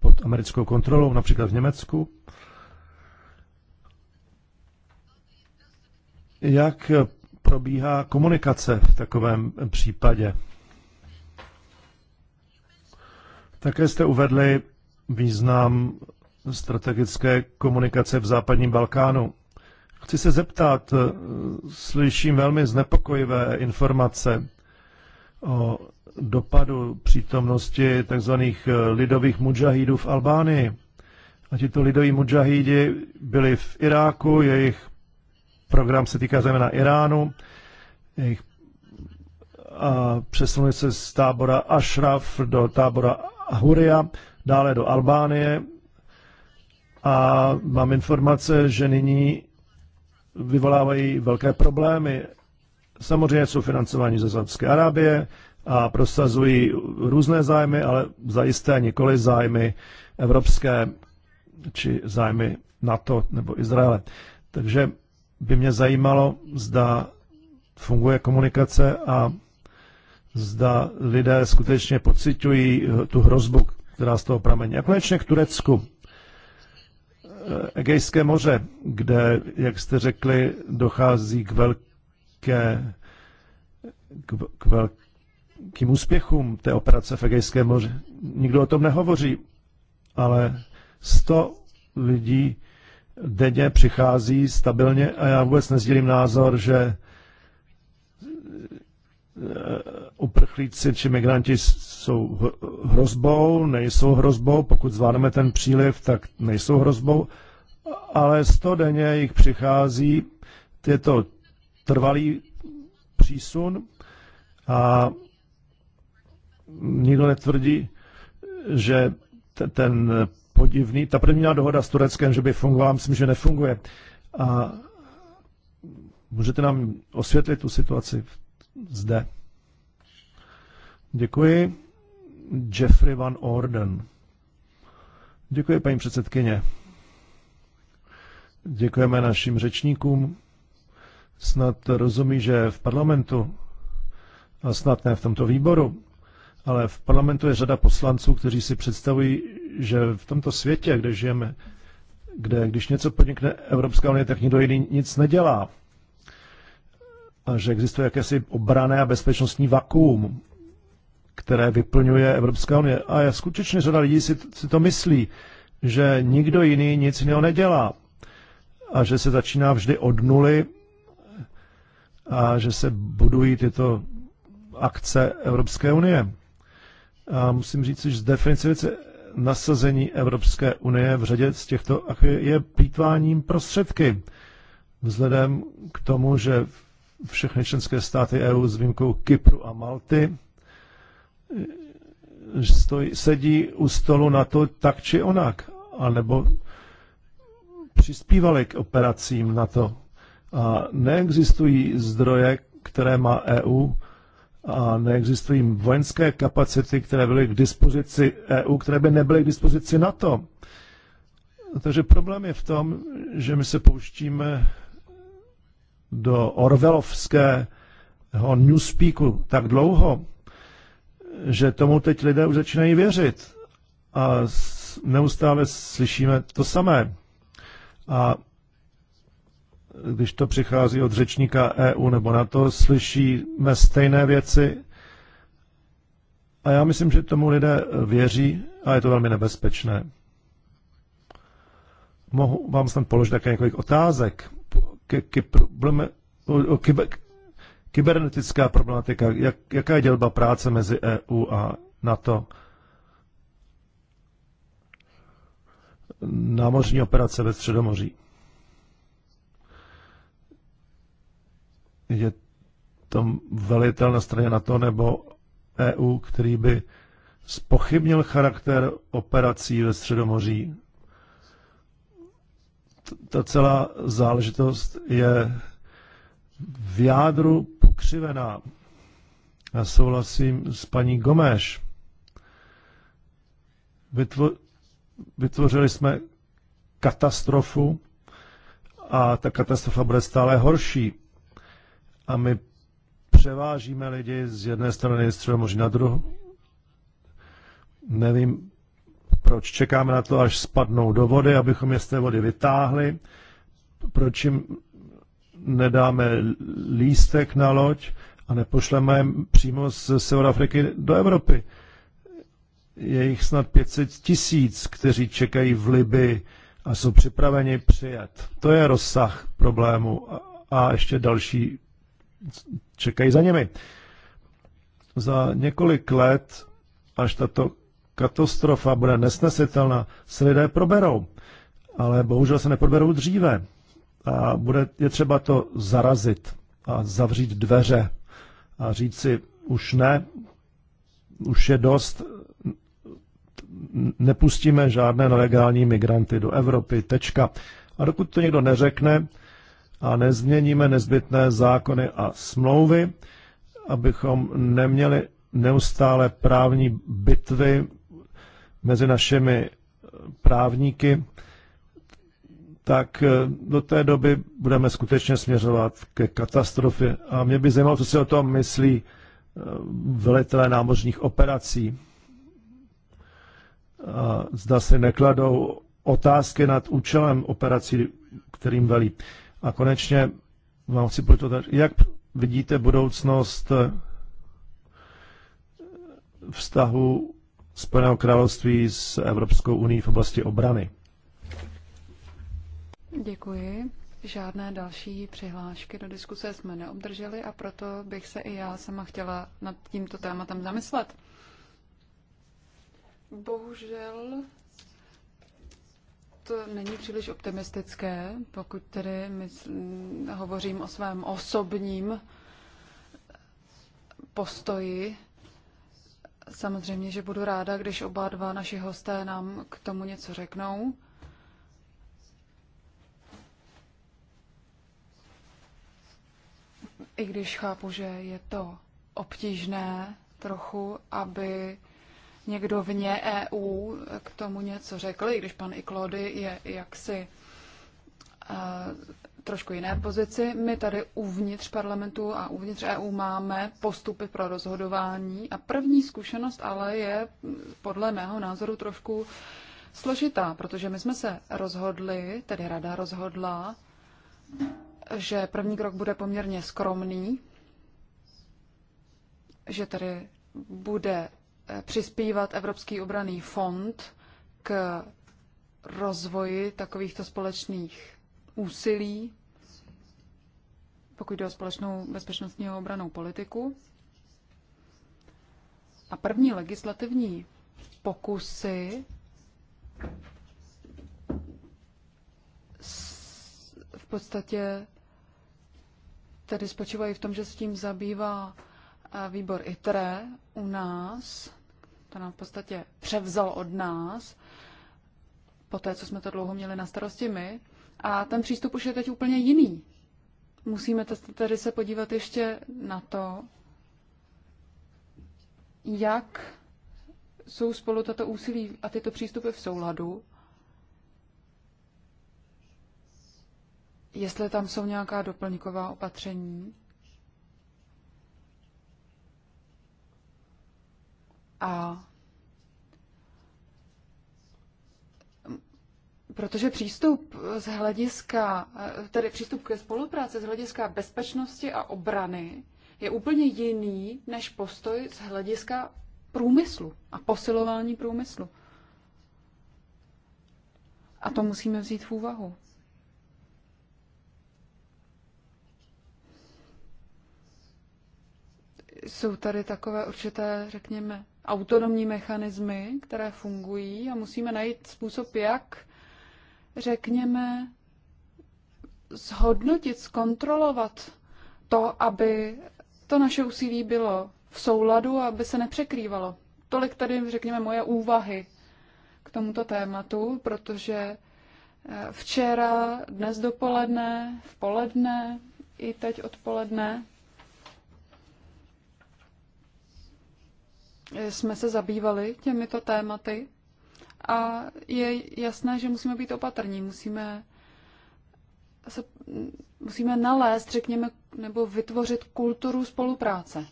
pod americkou kontrolou, například v Německu. Jak eh, probíhá komunikace v takovém případě? Také jste uvedli význam strategické komunikace v západním Balkánu. Chci se zeptat, eh, slyším velmi znepokojivé informace o dopadu přítomnosti tzv. Eh, lidových mudžahídů v Albánii. A tito lidoví mudžahídi byli v Iráku, jejich program se týká zejména Iránu, jejich a přesunuli se z tábora Ashraf do tábora Huria dále do Albánie a mám informace, že nyní vyvolávají velké problémy. Samozřejmě jsou financování ze Saudské Arábie a prosazují různé zájmy, ale zajisté nikoli zájmy evropské či zájmy NATO nebo Izraele. Takže by mě zajímalo, zda funguje komunikace a zda lidé skutečně pocitují tu hrozbu, která z toho pramení. A konečně k Turecku. Egejské moře, kde, jak jste řekli, dochází k velké k, k velkým úspěchům té operace v Egejském moři. Nikdo o tom nehovoří, ale 100 lidí denně přichází stabilně a já vůbec nezdílím názor, že Eh, uprchlíci či migranti jsou hrozbou, nejsou hrozbou, pokud zvládneme ten příliv, tak nejsou hrozbou, ale sto denně jich přichází, je to trvalý přísun a nikdo netvrdí, že ten podivný, ta první dohoda s Tureckem, že by fungovala, myslím, že nefunguje. A můžete nám osvětlit tu situaci v zde. Děkuji. Jeffrey Van Orden. Děkuji, paní předsedkyně. Děkujeme našim řečníkům. Snad rozumí, že v parlamentu, a snad ne v tomto výboru, ale v parlamentu je řada poslanců, kteří si představují, že v tomto světě, kde žijeme, kde když něco podnikne Evropská unie, tak nikdo jiný nic nedělá a že existuje jakési obrané a bezpečnostní vakuum, které vyplňuje Evropská unie. A je skutečně řada lidí si, si to myslí, že nikdo jiný nic jiného nedělá a že se začíná vždy od nuly a že se budují tyto akce Evropské unie. A musím říct, že z definice věci nasazení Evropské unie v řadě z těchto je plítváním prostředky. Vzhledem k tomu, že všechny členské státy EU s výjimkou Kypru a Malty e, stojí, sedí u stolu na to tak či onak, anebo přispívali k operacím na to. A neexistují zdroje, které má EU, a neexistují vojenské kapacity, které byly k dispozici EU, které by nebyly k dispozici NATO. Takže problém je v tom, že my se pouštíme do orvelovského newspeaku tak dlouho, že tomu teď lidé už začínají věřit. A neustále slyšíme to samé. A když to přichází od řečníka EU nebo NATO, slyšíme stejné věci. A já myslím, že tomu lidé věří a je to velmi nebezpečné. Mohu vám snad položit také několik otázek ke, ke o, o kyber, kybernetická problematika, jak, jaká je dělba práce mezi EU a NATO? Námořní operace ve Středomoří. Je tam velitel na straně NATO nebo EU, který by spochybnil charakter operací ve Středomoří ta celá záležitost je v jádru pokřivená. Já souhlasím s paní Gomeš. Vytvo- vytvořili jsme katastrofu a ta katastrofa bude stále horší. A my převážíme lidi z jedné strany možná na druhou. Nevím, proč čekáme na to, až spadnou do vody, abychom je z té vody vytáhli? Proč jim nedáme lístek na loď a nepošleme je přímo z Severafriky do Evropy? Je jich snad 500 tisíc, kteří čekají v Liby a jsou připraveni přijet. To je rozsah problému a ještě další čekají za nimi. Za několik let, až tato katastrofa bude nesnesitelná, se lidé proberou. Ale bohužel se neproberou dříve. A bude, je třeba to zarazit a zavřít dveře a říct si, už ne, už je dost, nepustíme žádné nelegální migranty do Evropy, tečka. A dokud to někdo neřekne a nezměníme nezbytné zákony a smlouvy, abychom neměli neustále právní bitvy mezi našimi eh, právníky, tak eh, do té doby budeme skutečně směřovat ke katastrofě. A mě by zajímalo, co si o tom myslí eh, velitelé námořních operací. A zda si nekladou otázky nad účelem operací, kterým velí. A konečně vám chci proto jak vidíte budoucnost vztahu Spojeného království s Evropskou unii v oblasti obrany. Děkuji. Žádné další přihlášky do diskuse jsme neobdrželi a proto bych se i já sama chtěla nad tímto tématem zamyslet. Bohužel to není příliš optimistické, pokud tedy hovořím o svém osobním postoji Samozřejmě, že budu ráda, když oba dva naši hosté nám k tomu něco řeknou. I když chápu, že je to obtížné trochu, aby někdo vně EU k tomu něco řekl, i když pan Iklody je jaksi eh, trošku jiné pozici. My tady uvnitř parlamentu a uvnitř EU máme postupy pro rozhodování a první zkušenost ale je podle mého názoru trošku složitá, protože my jsme se rozhodli, tedy rada rozhodla, že první krok bude poměrně skromný, že tady bude eh, přispívat Evropský obraný fond k rozvoji takovýchto společných úsilí, pokud jde o společnou bezpečnostní a obranou politiku. A první legislativní pokusy v podstatě tedy spočívají v tom, že s tím zabývá eh, výbor ITRE u nás, to nám v podstatě převzal od nás, po té, co jsme to dlouho měli na starosti my. A ten přístup už je teď úplně jiný. Musíme tedy se podívat ještě na to, jak jsou spolu tato úsilí a tyto přístupy v souladu, jestli tam jsou nějaká doplňková opatření a Protože přístup z hlediska, eh, tedy přístup ke spolupráci z hlediska bezpečnosti a obrany je úplně jiný než postoj z hlediska průmyslu a posilování průmyslu. A to musíme vzít v úvahu. Jsou tady takové určité, řekněme, autonomní mechanismy, které fungují a musíme najít způsob, jak řekněme, zhodnotit, zkontrolovat to, aby to naše úsilí bylo v souladu, aby se nepřekrývalo. Tolik tady, řekněme, moje úvahy k tomuto tématu, protože eh, včera, dnes dopoledne, v poledne i teď odpoledne eh, jsme se zabývali těmito tématy a je jasné, že musíme být opatrní, musíme se, musíme nalézt, řekněme, nebo vytvořit kulturu spolupráce.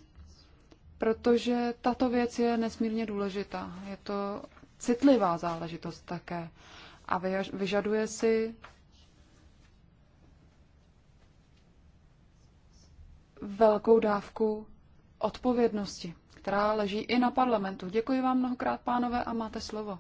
Protože tato věc je nesmírně důležitá. Je to citlivá záležitost také a vyžaduje si velkou dávku odpovědnosti, která leží i na parlamentu. Děkuji vám mnohokrát, pánové, a máte slovo.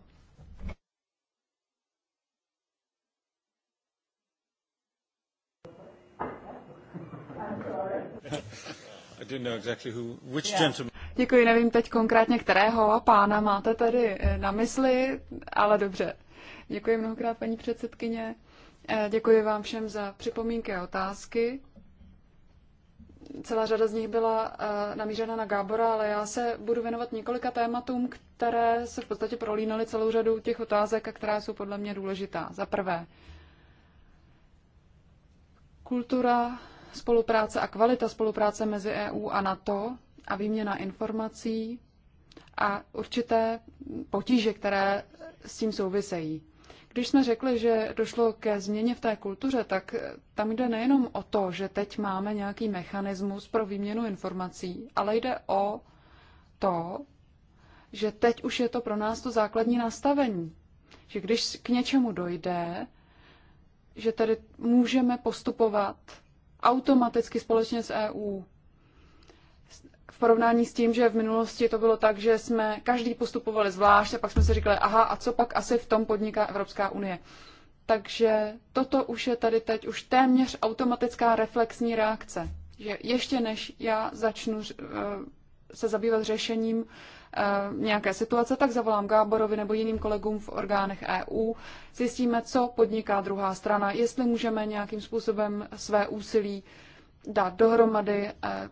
Děkuji, nevím teď konkrétně, kterého pána máte tady eh, na mysli, ale dobře. Děkuji mnohokrát, paní předsedkyně. Eh, děkuji vám všem za připomínky a otázky. Celá řada z nich byla eh, namířena na Gábora, ale já se budu věnovat několika tématům, které se v podstatě prolínaly celou řadu těch otázek a která jsou podle mě důležitá. Za prvé, kultura spolupráce a kvalita spolupráce mezi EU a NATO a výměna informací a určité potíže, které s tím souvisejí. Když jsme řekli, že došlo ke změně v té kultuře, tak tam jde nejenom o to, že teď máme nějaký mechanismus pro výměnu informací, ale jde o to, že teď už je to pro nás to základní nastavení. Že když k něčemu dojde, že tady můžeme postupovat automaticky společně s EU. V porovnání s tím, že v minulosti to bylo tak, že jsme každý postupovali zvlášť a pak jsme si říkali, aha, a co pak asi v tom podniká Evropská unie. Takže toto už je tady teď už téměř automatická reflexní reakce. Že ještě než já začnu eh, se zabývat řešením Eh, nějaké situace, tak zavolám Gáborovi nebo jiným kolegům v orgánech EU, zjistíme, co podniká druhá strana, jestli můžeme nějakým způsobem své úsilí dát dohromady, eh,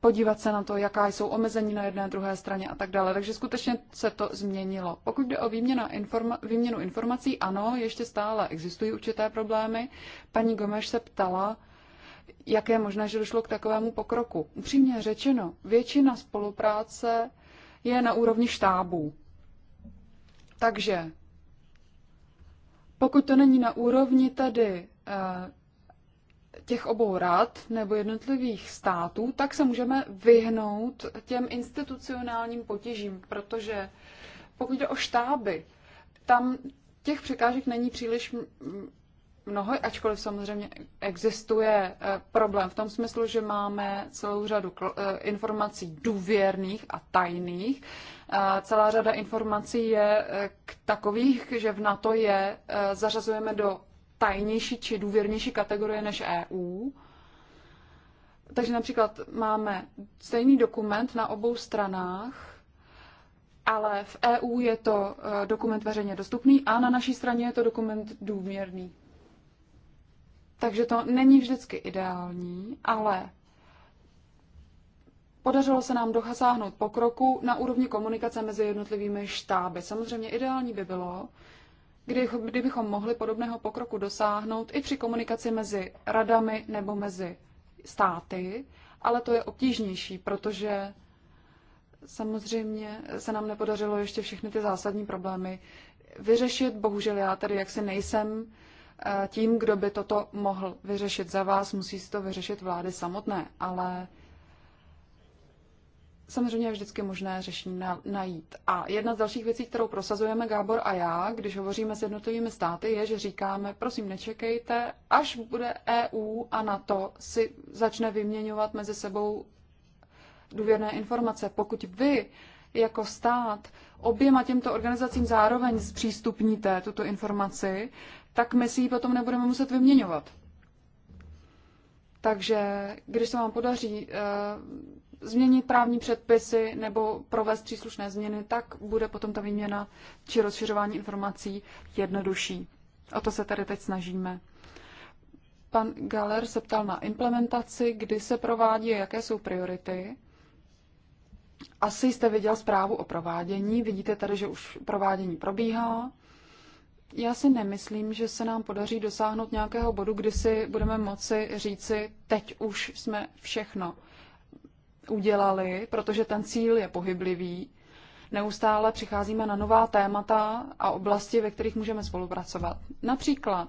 podívat se na to, jaká jsou omezení na jedné druhé straně a tak dále. Takže skutečně se to změnilo. Pokud jde o výměna informa- výměnu informací, ano, ještě stále existují určité problémy. Paní Gomeš se ptala, jak je možné, že došlo k takovému pokroku. Upřímně řečeno, většina spolupráce je na úrovni štábů. Takže pokud to není na úrovni tedy eh, těch obou rad nebo jednotlivých států, tak se můžeme vyhnout těm institucionálním potížím, protože pokud jde o štáby, tam těch překážek není příliš mnoho, ačkoliv samozřejmě existuje eh, problém v tom smyslu, že máme celou řadu eh, informací důvěrných a tajných. Eh, celá řada informací je takových, že v NATO je zařazujeme do tajnější či důvěrnější kategorie než EU. Takže například máme stejný dokument na obou stranách, ale v EU je to dokument veřejně dostupný a na naší straně je to dokument důměrný. Takže to není vždycky ideální, ale Podařilo se nám dosáhnout pokroku na úrovni komunikace mezi jednotlivými štáby. Samozřejmě ideální by bylo, kdybychom mohli podobného pokroku dosáhnout i při komunikaci mezi radami nebo mezi státy, ale to je obtížnější, protože samozřejmě se nám nepodařilo ještě všechny ty zásadní problémy vyřešit. Bohužel já tady jaksi nejsem tím, kdo by toto mohl vyřešit za vás, musí si to vyřešit vlády samotné, ale samozřejmě je vždycky možné řešení najít. A jedna z dalších věcí, kterou prosazujeme Gábor a já, když hovoříme s jednotlivými státy, je, že říkáme, prosím, nečekejte, až bude EU a NATO si začne vyměňovat mezi sebou důvěrné informace. Pokud vy jako stát oběma těmto organizacím zároveň zpřístupníte tuto informaci, tak my si ji potom nebudeme muset vyměňovat. Takže když se vám podaří uh, změnit právní předpisy nebo provést příslušné změny, tak bude potom ta výměna či rozšiřování informací jednodušší. O to se tady teď snažíme. Pan Galer se ptal na implementaci, kdy se provádí a jaké jsou priority. Asi jste viděl zprávu o provádění. Vidíte tady, že už provádění probíhá já si nemyslím, že se nám podaří dosáhnout nějakého bodu, kdy si budeme moci říci, teď už jsme všechno udělali, protože ten cíl je pohyblivý. Neustále přicházíme na nová témata a oblasti, ve kterých můžeme spolupracovat. Například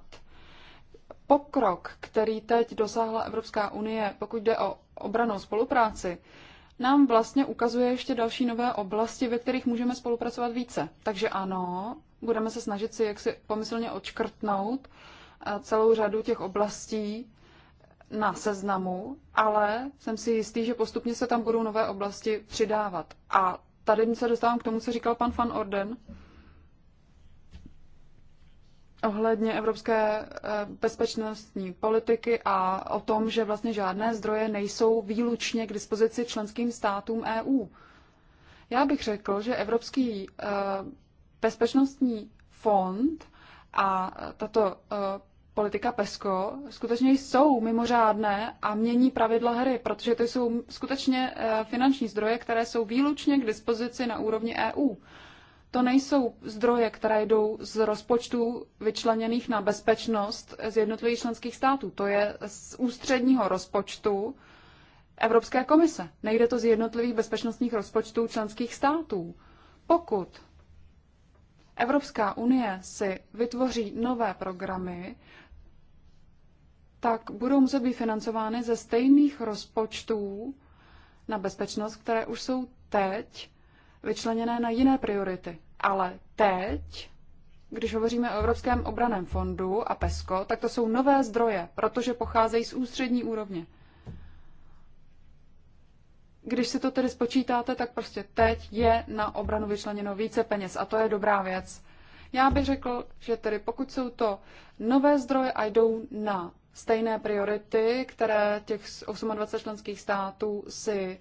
pokrok, který teď dosáhla Evropská unie, pokud jde o obranou spolupráci, nám vlastně ukazuje ještě další nové oblasti, ve kterých můžeme spolupracovat více. Takže ano, budeme se snažit si jaksi pomyslně odškrtnout eh, celou řadu těch oblastí na seznamu, ale jsem si jistý, že postupně se tam budou nové oblasti přidávat. A tady se dostávám k tomu, co říkal pan Van Orden ohledně evropské eh, bezpečnostní politiky a o tom, že vlastně žádné zdroje nejsou výlučně k dispozici členským státům EU. Já bych řekl, že evropský eh, bezpečnostní fond a tato eh, politika PESCO skutečně jsou mimořádné a mění pravidla hry, protože to jsou skutečně eh, finanční zdroje, které jsou výlučně k dispozici na úrovni EU. To nejsou zdroje, které jdou z rozpočtů vyčleněných na bezpečnost z jednotlivých členských států. To je z ústředního rozpočtu Evropské komise. Nejde to z jednotlivých bezpečnostních rozpočtů členských států. Pokud Evropská unie si vytvoří nové programy, tak budou muset být financovány ze stejných rozpočtů na bezpečnost, které už jsou teď vyčleněné na jiné priority. Ale teď, když hovoříme o Evropském obraném fondu a PESCO, tak to jsou nové zdroje, protože pocházejí z ústřední úrovně když si to tedy spočítáte, tak prostě teď je na obranu vyčleněno více peněz a to je dobrá věc. Já bych řekl, že tedy pokud jsou to nové zdroje a jdou na stejné priority, které těch 28 členských států si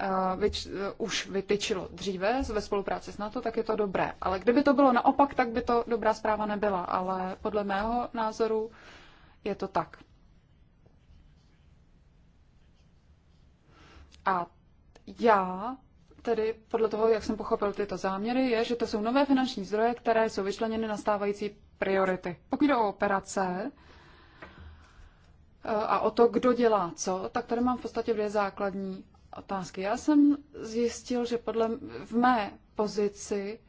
uh, vyč, uh, už vytyčilo dříve ve spolupráci s NATO, tak je to dobré. Ale kdyby to bylo naopak, tak by to dobrá zpráva nebyla. Ale podle mého názoru je to tak. A já tedy podle toho, jak jsem pochopil tyto záměry, je, že to jsou nové finanční zdroje, které jsou vyčleněny na stávající priority. Pokud jde o operace eh, a o to, kdo dělá co, tak tady mám v podstatě dvě základní otázky. Já jsem zjistil, že podle v mé pozici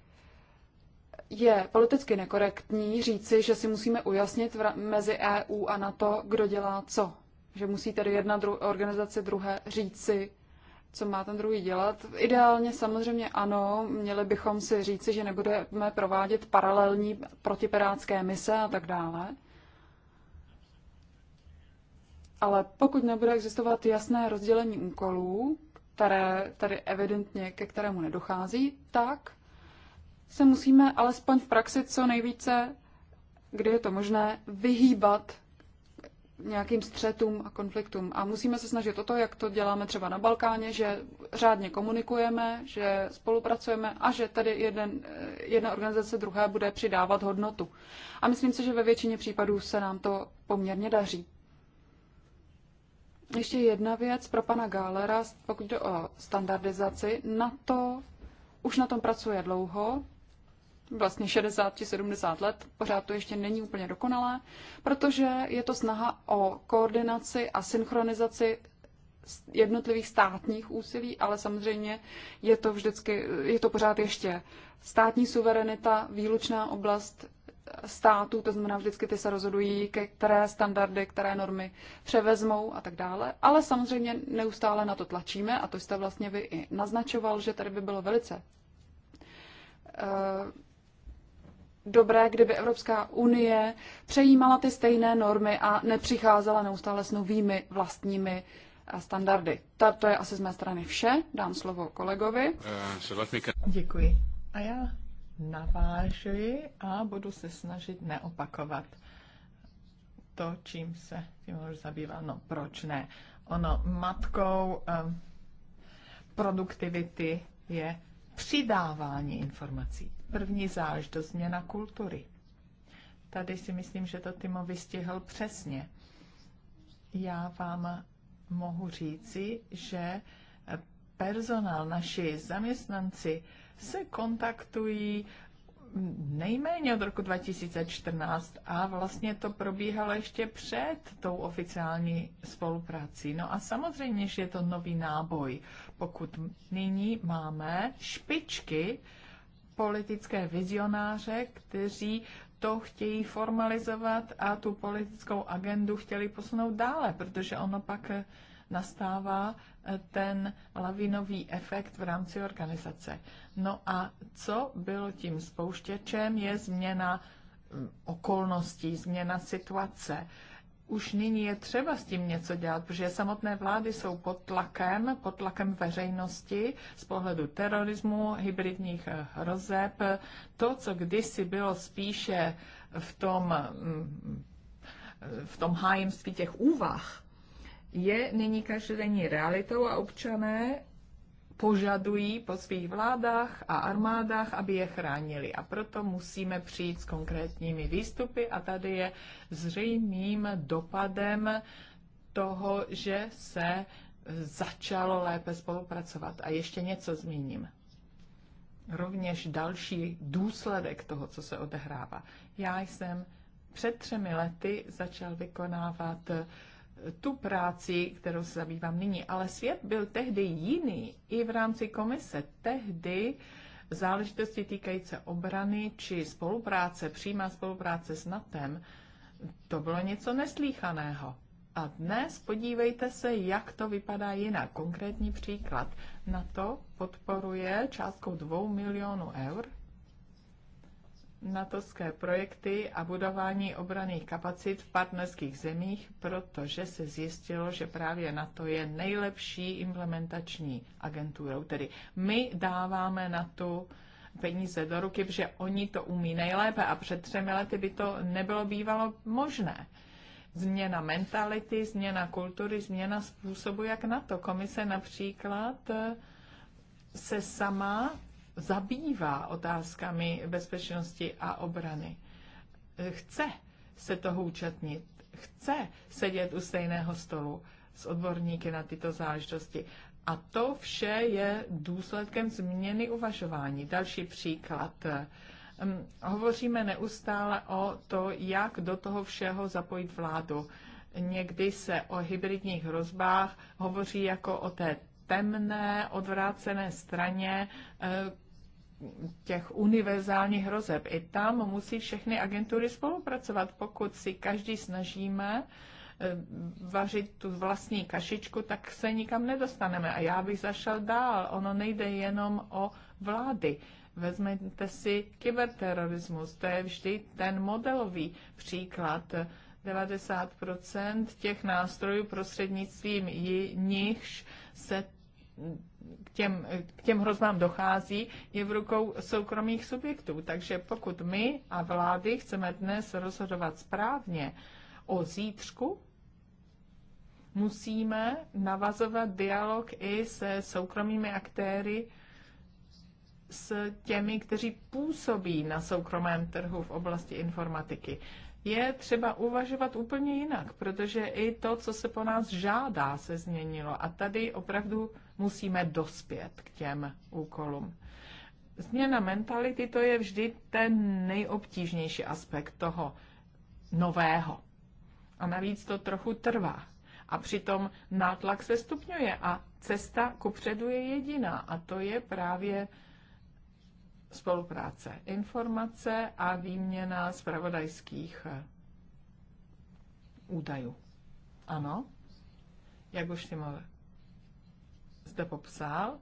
je politicky nekorektní říci, že si musíme ujasnit mezi EU a NATO, kdo dělá co. Že musí tedy jedna dru- organizace druhé říci, co má ten druhý dělat. Ideálně samozřejmě ano, měli bychom si říci, že nebudeme provádět paralelní protiperátské mise a tak dále. Ale pokud nebude existovat jasné rozdělení úkolů, které tady evidentně ke kterému nedochází, tak se musíme alespoň v praxi co nejvíce, kdy je to možné, vyhýbat nějakým střetům a konfliktům. A musíme se snažit o to, jak to děláme třeba na Balkáně, že řádně komunikujeme, že spolupracujeme a že tady jeden, jedna organizace druhé bude přidávat hodnotu. A myslím si, že ve většině případů se nám to poměrně daří. Ještě jedna věc pro pana Gálera, pokud jde o standardizaci. Na to už na tom pracuje dlouho vlastně 60 či 70 let, pořád to ještě není úplně dokonalé, protože je to snaha o koordinaci a synchronizaci jednotlivých státních úsilí, ale samozřejmě je to vždycky, je to pořád ještě státní suverenita, výlučná oblast států, to znamená vždycky ty se rozhodují, které standardy, které normy převezmou a tak dále. Ale samozřejmě neustále na to tlačíme a to jste vlastně vy i naznačoval, že tady by bylo velice eh, dobré, kdyby Evropská unie přejímala ty stejné normy a nepřicházela neustále s novými vlastními eh, standardy. Ta, to je asi z mé strany vše. Dám slovo kolegovi. Eh, Děkuji. A já navážuji a budu se snažit neopakovat to, čím se tím už zabýval. No proč ne? Ono matkou um, produktivity je přidávání informací. První záležitost změna kultury. Tady si myslím, že to Timo vystihl přesně. Já vám mohu říci, že personál, naši zaměstnanci se kontaktují nejméně od roku 2014 a vlastně to probíhalo ještě před tou oficiální spoluprací. No a samozřejmě, že je to nový náboj, pokud nyní máme špičky politické vizionáře, kteří to chtějí formalizovat a tu politickou agendu chtěli posunout dále, protože ono pak nastává eh, ten lavinový efekt v rámci organizace. No a co bylo tím spouštěčem, je změna mm, okolností, změna situace. Už nyní je třeba s tím něco dělat, protože samotné vlády jsou pod tlakem, pod tlakem veřejnosti z pohledu terorismu, hybridních eh, hrozeb. To, co kdysi bylo spíše v tom, mm, v tom hájemství těch úvah, je nyní každodenní realitou a občané požadují po svých vládách a armádách, aby je chránili. A proto musíme přijít s konkrétními výstupy a tady je zřejmým dopadem toho, že se začalo lépe spolupracovat. A ještě něco zmíním. Rovněž další důsledek toho, co se odehrává. Já jsem před třemi lety začal vykonávat tu práci, kterou se zabývám nyní. Ale svět byl tehdy jiný i v rámci komise. Tehdy záležitosti týkající obrany či spolupráce, přímá spolupráce s NATEM, to bylo něco neslíchaného. A dnes podívejte se, jak to vypadá jinak. Konkrétní příklad. Na to podporuje částkou 2 milionů eur natovské projekty a budování obraných kapacit v partnerských zemích, protože se zjistilo, že právě NATO je nejlepší implementační agenturou. Tedy my dáváme na tu peníze do ruky, protože oni to umí nejlépe a před třemi lety by to nebylo bývalo možné. Změna mentality, změna kultury, změna způsobu, jak na to. Komise například se sama zabývá otázkami bezpečnosti a obrany. Chce se toho účetnit, chce sedět u stejného stolu s odborníky na tyto záležitosti. A to vše je důsledkem změny uvažování. Další příklad. Hm, hovoříme neustále o to, jak do toho všeho zapojit vládu. Někdy se o hybridních hrozbách hovoří jako o té temné, odvrácené straně, eh, těch univerzálních hrozeb. I tam musí všechny agentury spolupracovat. Pokud si každý snažíme eh, vařit tu vlastní kašičku, tak se nikam nedostaneme. A já bych zašel dál. Ono nejde jenom o vlády. Vezměte si kyberterorismus, to je vždy ten modelový příklad. 90% těch nástrojů prostřednictvím nichž se k těm, k těm hrozbám dochází, je v rukou soukromých subjektů. Takže pokud my a vlády chceme dnes rozhodovat správně o zítřku, musíme navazovat dialog i se soukromými aktéry, s těmi, kteří působí na soukromém trhu v oblasti informatiky je třeba uvažovat úplně jinak, protože i to, co se po nás žádá, se změnilo a tady opravdu musíme dospět k těm úkolům. Změna mentality to je vždy ten nejobtížnější aspekt toho nového. A navíc to trochu trvá. A přitom nátlak se stupňuje a cesta kupředu je jediná. A to je právě spolupráce, informace a výměna zpravodajských eh, údajů. Ano, jak už jsem zde popsal,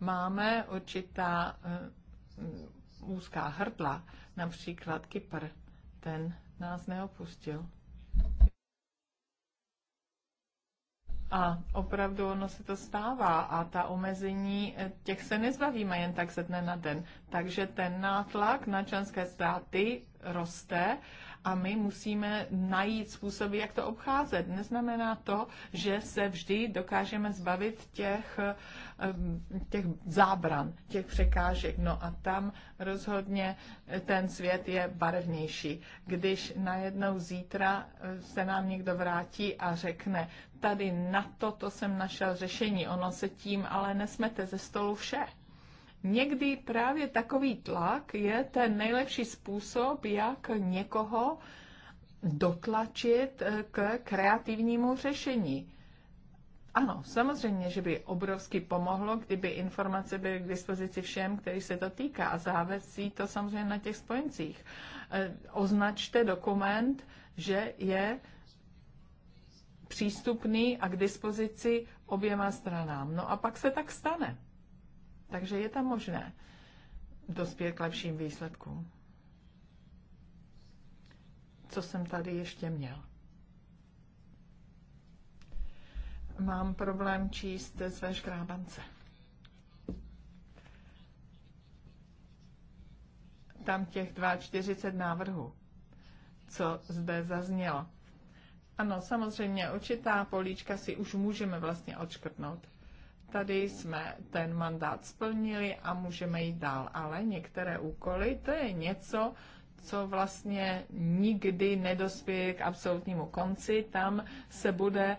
máme určitá eh, úzká hrdla, například Kypr, ten nás neopustil. A opravdu ono se to stává a ta omezení, eh, těch se nezbavíme jen tak ze dne na den. Takže ten nátlak na členské státy roste a my musíme najít způsoby, jak to obcházet. Neznamená to, že se vždy dokážeme zbavit těch, eh, těch zábran, těch překážek. No a tam rozhodně ten svět je barevnější. Když najednou zítra eh, se nám někdo vrátí a řekne, tady na to, to jsem našel řešení, ono se tím ale nesmete ze stolu vše Někdy právě takový tlak je ten nejlepší způsob, jak někoho dotlačit eh, k kreativnímu řešení. Ano, samozřejmě, že by obrovsky pomohlo, kdyby informace byly k dispozici všem, který se to týká. A závisí to samozřejmě na těch spojencích. Eh, označte dokument, že je přístupný a k dispozici oběma stranám. No a pak se tak stane. Takže je tam možné dospět k lepším výsledkům. Co jsem tady ještě měl? Mám problém číst své škrábance. Tam těch 42 návrhů, co zde zaznělo. Ano, samozřejmě určitá políčka si už můžeme vlastně odškrtnout. Tady jsme ten mandát splnili a můžeme jít dál, ale některé úkoly, to je něco, co vlastně nikdy nedospěje k absolutnímu konci, tam se bude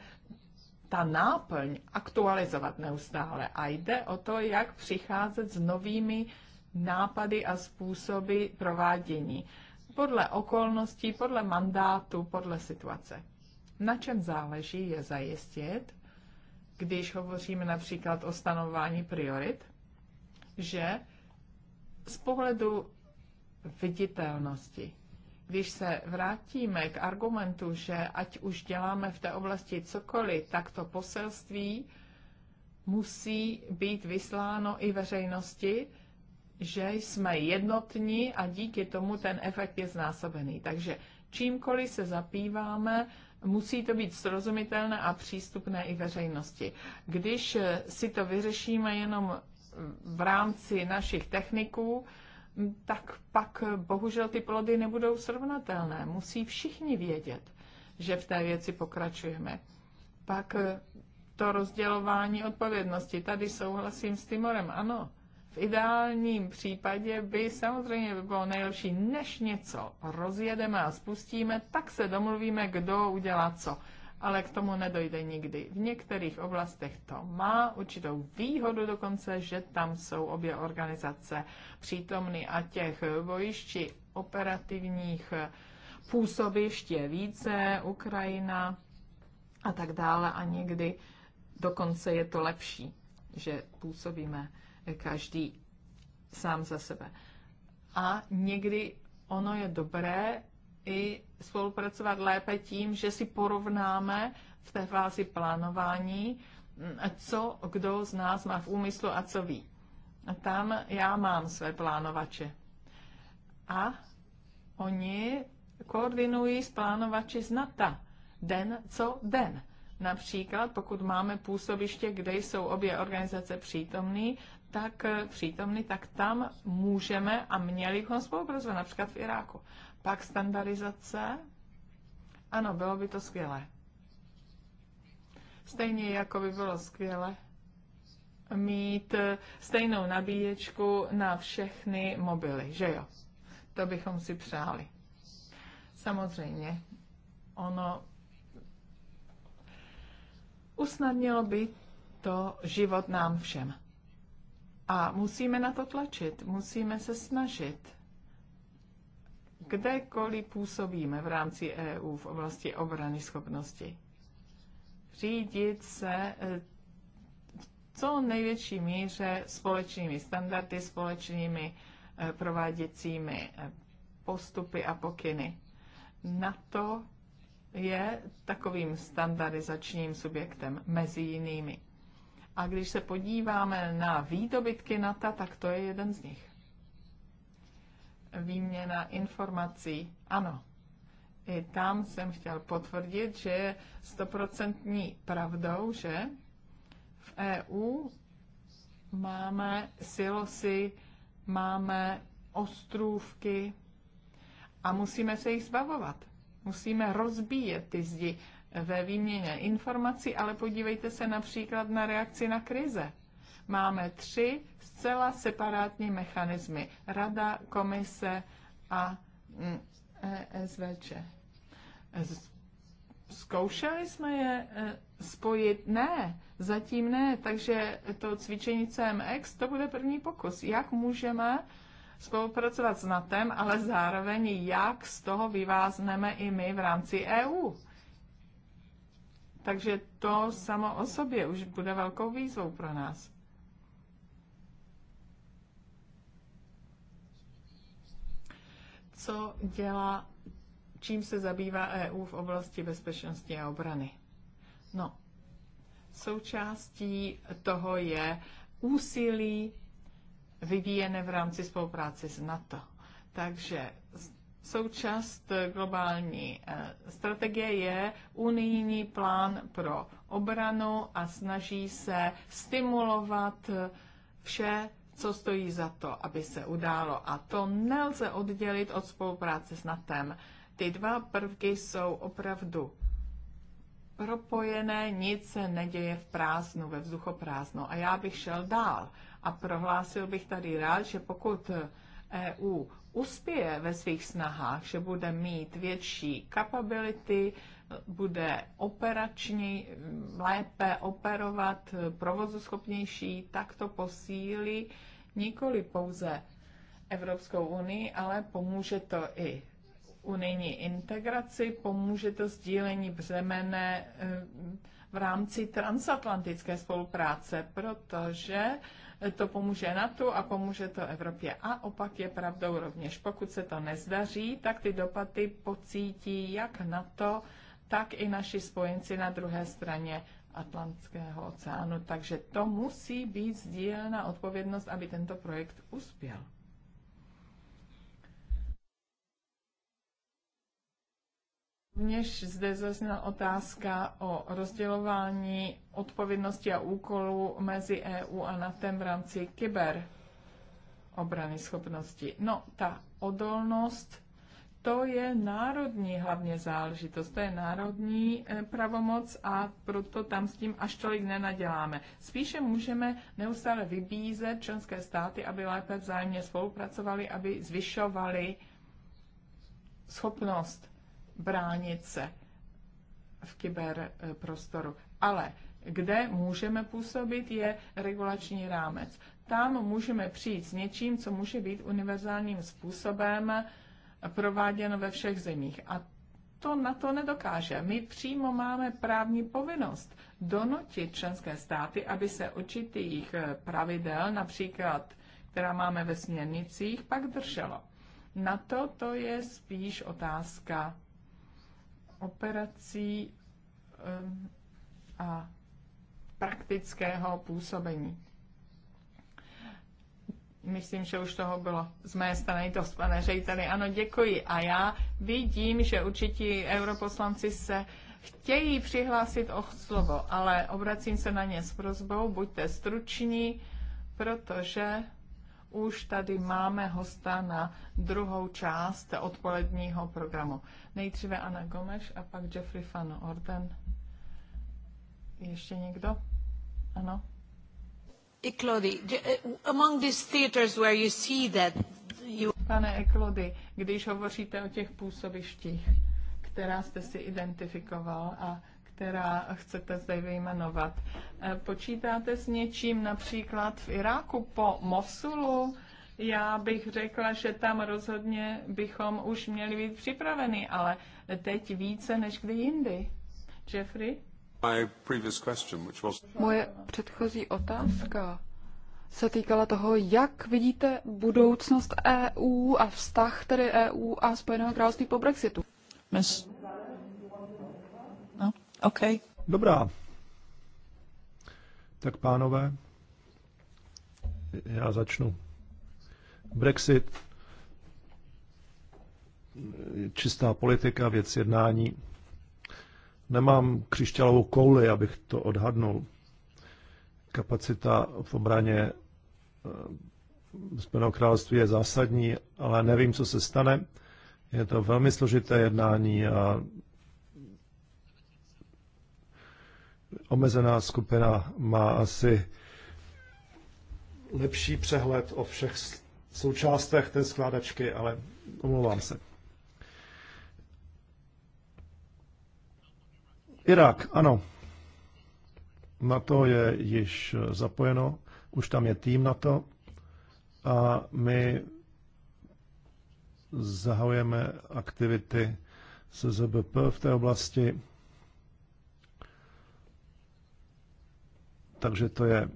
ta náplň aktualizovat neustále a jde o to, jak přicházet s novými nápady a způsoby provádění. Podle okolností, podle mandátu, podle situace. Na čem záleží je zajistit, když hovoříme například o stanování priorit, že z pohledu viditelnosti, když se vrátíme k argumentu, že ať už děláme v té oblasti cokoliv, tak to poselství musí být vysláno i veřejnosti, že jsme jednotní a díky tomu ten efekt je znásobený. Takže čímkoliv se zapíváme, Musí to být srozumitelné a přístupné i veřejnosti. Když si to vyřešíme jenom v rámci našich techniků, tak pak bohužel ty plody nebudou srovnatelné. Musí všichni vědět, že v té věci pokračujeme. Pak to rozdělování odpovědnosti. Tady souhlasím s Timorem, ano v ideálním případě by samozřejmě by bylo nejlepší, než něco rozjedeme a spustíme, tak se domluvíme, kdo udělá co. Ale k tomu nedojde nikdy. V některých oblastech to má určitou výhodu dokonce, že tam jsou obě organizace přítomny a těch bojišti operativních působišť je více, Ukrajina a tak dále a někdy dokonce je to lepší, že působíme každý sám za sebe. A někdy ono je dobré i spolupracovat lépe tím, že si porovnáme v té fázi plánování, mm, co kdo z nás má v úmyslu a co ví. Tam já mám své plánovače. A oni koordinují s plánovači z NATA den co den. Například, pokud máme působiště, kde jsou obě organizace přítomné, tak eh, přítomny, tak tam můžeme a měli bychom spolupracovat, například v Iráku. Pak standardizace, ano, bylo by to skvělé. Stejně jako by bylo skvělé mít eh, stejnou nabíječku na všechny mobily, že jo? To bychom si přáli. Samozřejmě, ono usnadnilo by to život nám všem. A musíme na to tlačit, musíme se snažit. Kdekoliv působíme v rámci EU v oblasti obrany schopnosti, řídit se e, co největší míře společnými standardy, společnými e, prováděcími e, postupy a pokyny. Na to je takovým standardizačním subjektem mezi jinými. A když se podíváme na výdobytky NATO, tak to je jeden z nich. Výměna informací. Ano, i tam jsem chtěl potvrdit, že je stoprocentní pravdou, že v EU máme silosy, máme ostrůvky a musíme se jich zbavovat. Musíme rozbíjet ty zdi ve výměně informací, ale podívejte se například na reakci na krize. Máme tři zcela separátní mechanismy. Rada, komise a mm, ESVČ. Zkoušeli jsme je e, spojit? Ne, zatím ne. Takže to cvičení CMX, to bude první pokus. Jak můžeme spolupracovat s NATem, ale zároveň jak z toho vyvázneme i my v rámci EU? Takže to samo o sobě už bude velkou výzvou pro nás. Co dělá, čím se zabývá EU v oblasti bezpečnosti a obrany? No, součástí toho je úsilí vyvíjené v rámci spolupráce s NATO. Takže Součást eh, globální eh, strategie je unijní plán pro obranu a snaží se stimulovat eh, vše, co stojí za to, aby se událo. A to nelze oddělit od spolupráce s NATEM. Ty dva prvky jsou opravdu propojené, nic se neděje v prázdnu, ve vzduchoprázdnu. A já bych šel dál a prohlásil bych tady rád, že pokud EU e uspěje ve svých snahách, že bude mít větší kapability, bude operační, lépe operovat, provozoschopnější, tak to posílí nikoli pouze Evropskou unii, ale pomůže to i unijní integraci, pomůže to sdílení břemene eh, v rámci transatlantické spolupráce, protože to pomůže NATO a pomůže to Evropě. A opak je pravdou rovněž. Pokud se to nezdaří, tak ty dopady pocítí jak NATO, tak i naši spojenci na druhé straně Atlantského oceánu. Takže to musí být sdílená odpovědnost, aby tento projekt uspěl. Rovněž zde zazněla otázka o rozdělování odpovědnosti a úkolů mezi EU a NATO v rámci kyber obrany schopnosti. No, ta odolnost, to je národní hlavně záležitost, to je národní e, pravomoc a proto tam s tím až tolik nenaděláme. Spíše můžeme neustále vybízet členské státy, aby lépe vzájemně spolupracovali, aby zvyšovali schopnost bránit se v kyberprostoru. Ale kde můžeme působit, je regulační rámec. Tam můžeme přijít s něčím, co může být univerzálním způsobem prováděno ve všech zemích. A to na to nedokáže. My přímo máme právní povinnost donutit členské státy, aby se určitých pravidel, například která máme ve směrnicích, pak drželo. Na to to je spíš otázka operací um, a praktického působení. Myslím, že už toho bylo z mé strany dost, pane řejteli. Ano, děkuji. A já vidím, že určití europoslanci se chtějí přihlásit o slovo, ale obracím se na ně s prozbou, buďte struční, protože už tady máme hosta na druhou část odpoledního programu. Nejdříve Anna Gomeš a pak Jeffrey van Orden. Ještě někdo? Ano? Eh, among these where you see that Pane Eklody, když hovoříte o těch působištích, která jste si identifikoval a která chcete zde vyjmenovat. Eh, počítáte s něčím například v Iráku po Mosulu? Já bych řekla, že tam rozhodně bychom už měli být připraveni, ale teď více než kdy jindy. Jeffrey? Moje předchozí otázka se týkala toho, jak vidíte budoucnost EU a vztah tedy EU a Spojeného království po Brexitu. Miss OK. Dobrá. Tak pánové, já začnu. Brexit, čistá politika, věc jednání. Nemám křišťálovou kouli, abych to odhadnul. Kapacita v obraně eh, Spojeného království je zásadní, ale nevím, co se stane. Je to velmi složité jednání a omezená skupina má asi lepší přehled o všech součástech té skládačky, ale omlouvám se. Irák, ano. Na to je již zapojeno, už tam je tým na to a my zahajujeme aktivity ZBP v té oblasti. takže to je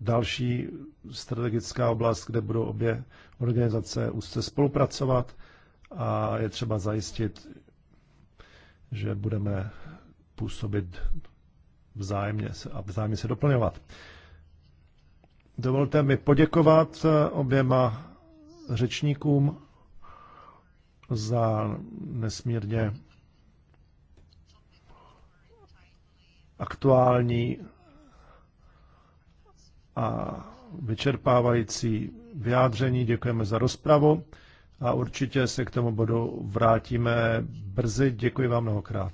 další strategická oblast, kde budou obě organizace úzce spolupracovat a je třeba zajistit, že budeme působit vzájemně a vzájemně se doplňovat. Dovolte mi poděkovat eh, oběma řečníkům za nesmírně aktuální a vyčerpávající vyjádření. Děkujeme za rozpravu a určitě se k tomu bodu vrátíme brzy. Děkuji vám mnohokrát.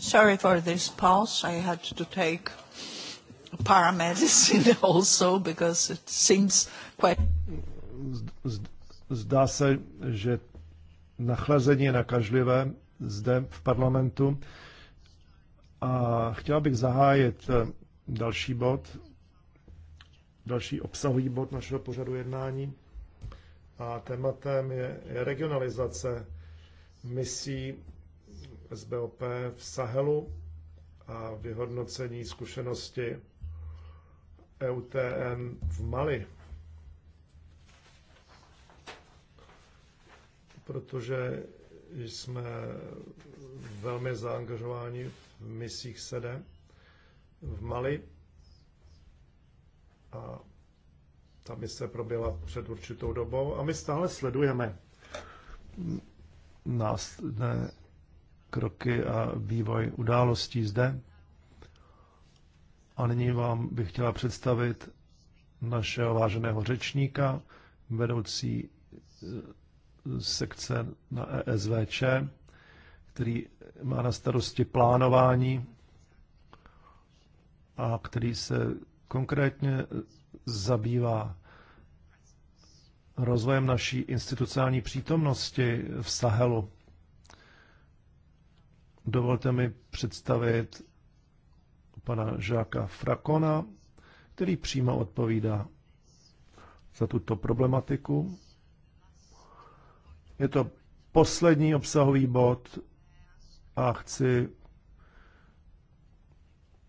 Sorry for this pause. I had to take paramedicine also because it seems quite... Zdá se, že nachlazení je nakažlivé zde v parlamentu. A chtěl bych zahájit eh, další bod, další obsahový bod našeho pořadu jednání. A tématem je regionalizace misí SBOP v Sahelu a vyhodnocení zkušenosti EUTN v Mali. Protože jsme velmi zaangažováni v misích SEDE v Mali a ta mise proběhla před určitou dobou a my stále sledujeme následné kroky a vývoj událostí zde. A nyní vám bych chtěla představit našeho váženého řečníka, vedoucí eh, sekce na ESVČ, který má na starosti plánování a který se konkrétně zabývá rozvojem naší institucionální přítomnosti v Sahelu. Dovolte mi představit pana Žáka Frakona, který přímo odpovídá za tuto problematiku. Je to poslední obsahový bod a chci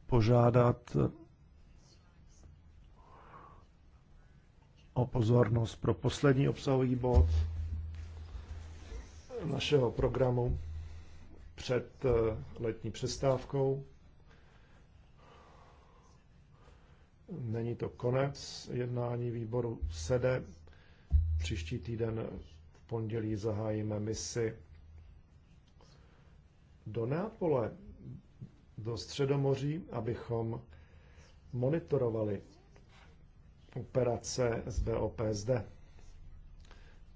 požádat o pozornost pro poslední obsahový bod našeho programu před eh, letní přestávkou. Není to konec jednání výboru SEDE. Příští týden v pondělí zahájíme misi do Neapole, do Středomoří, abychom monitorovali operace SBOP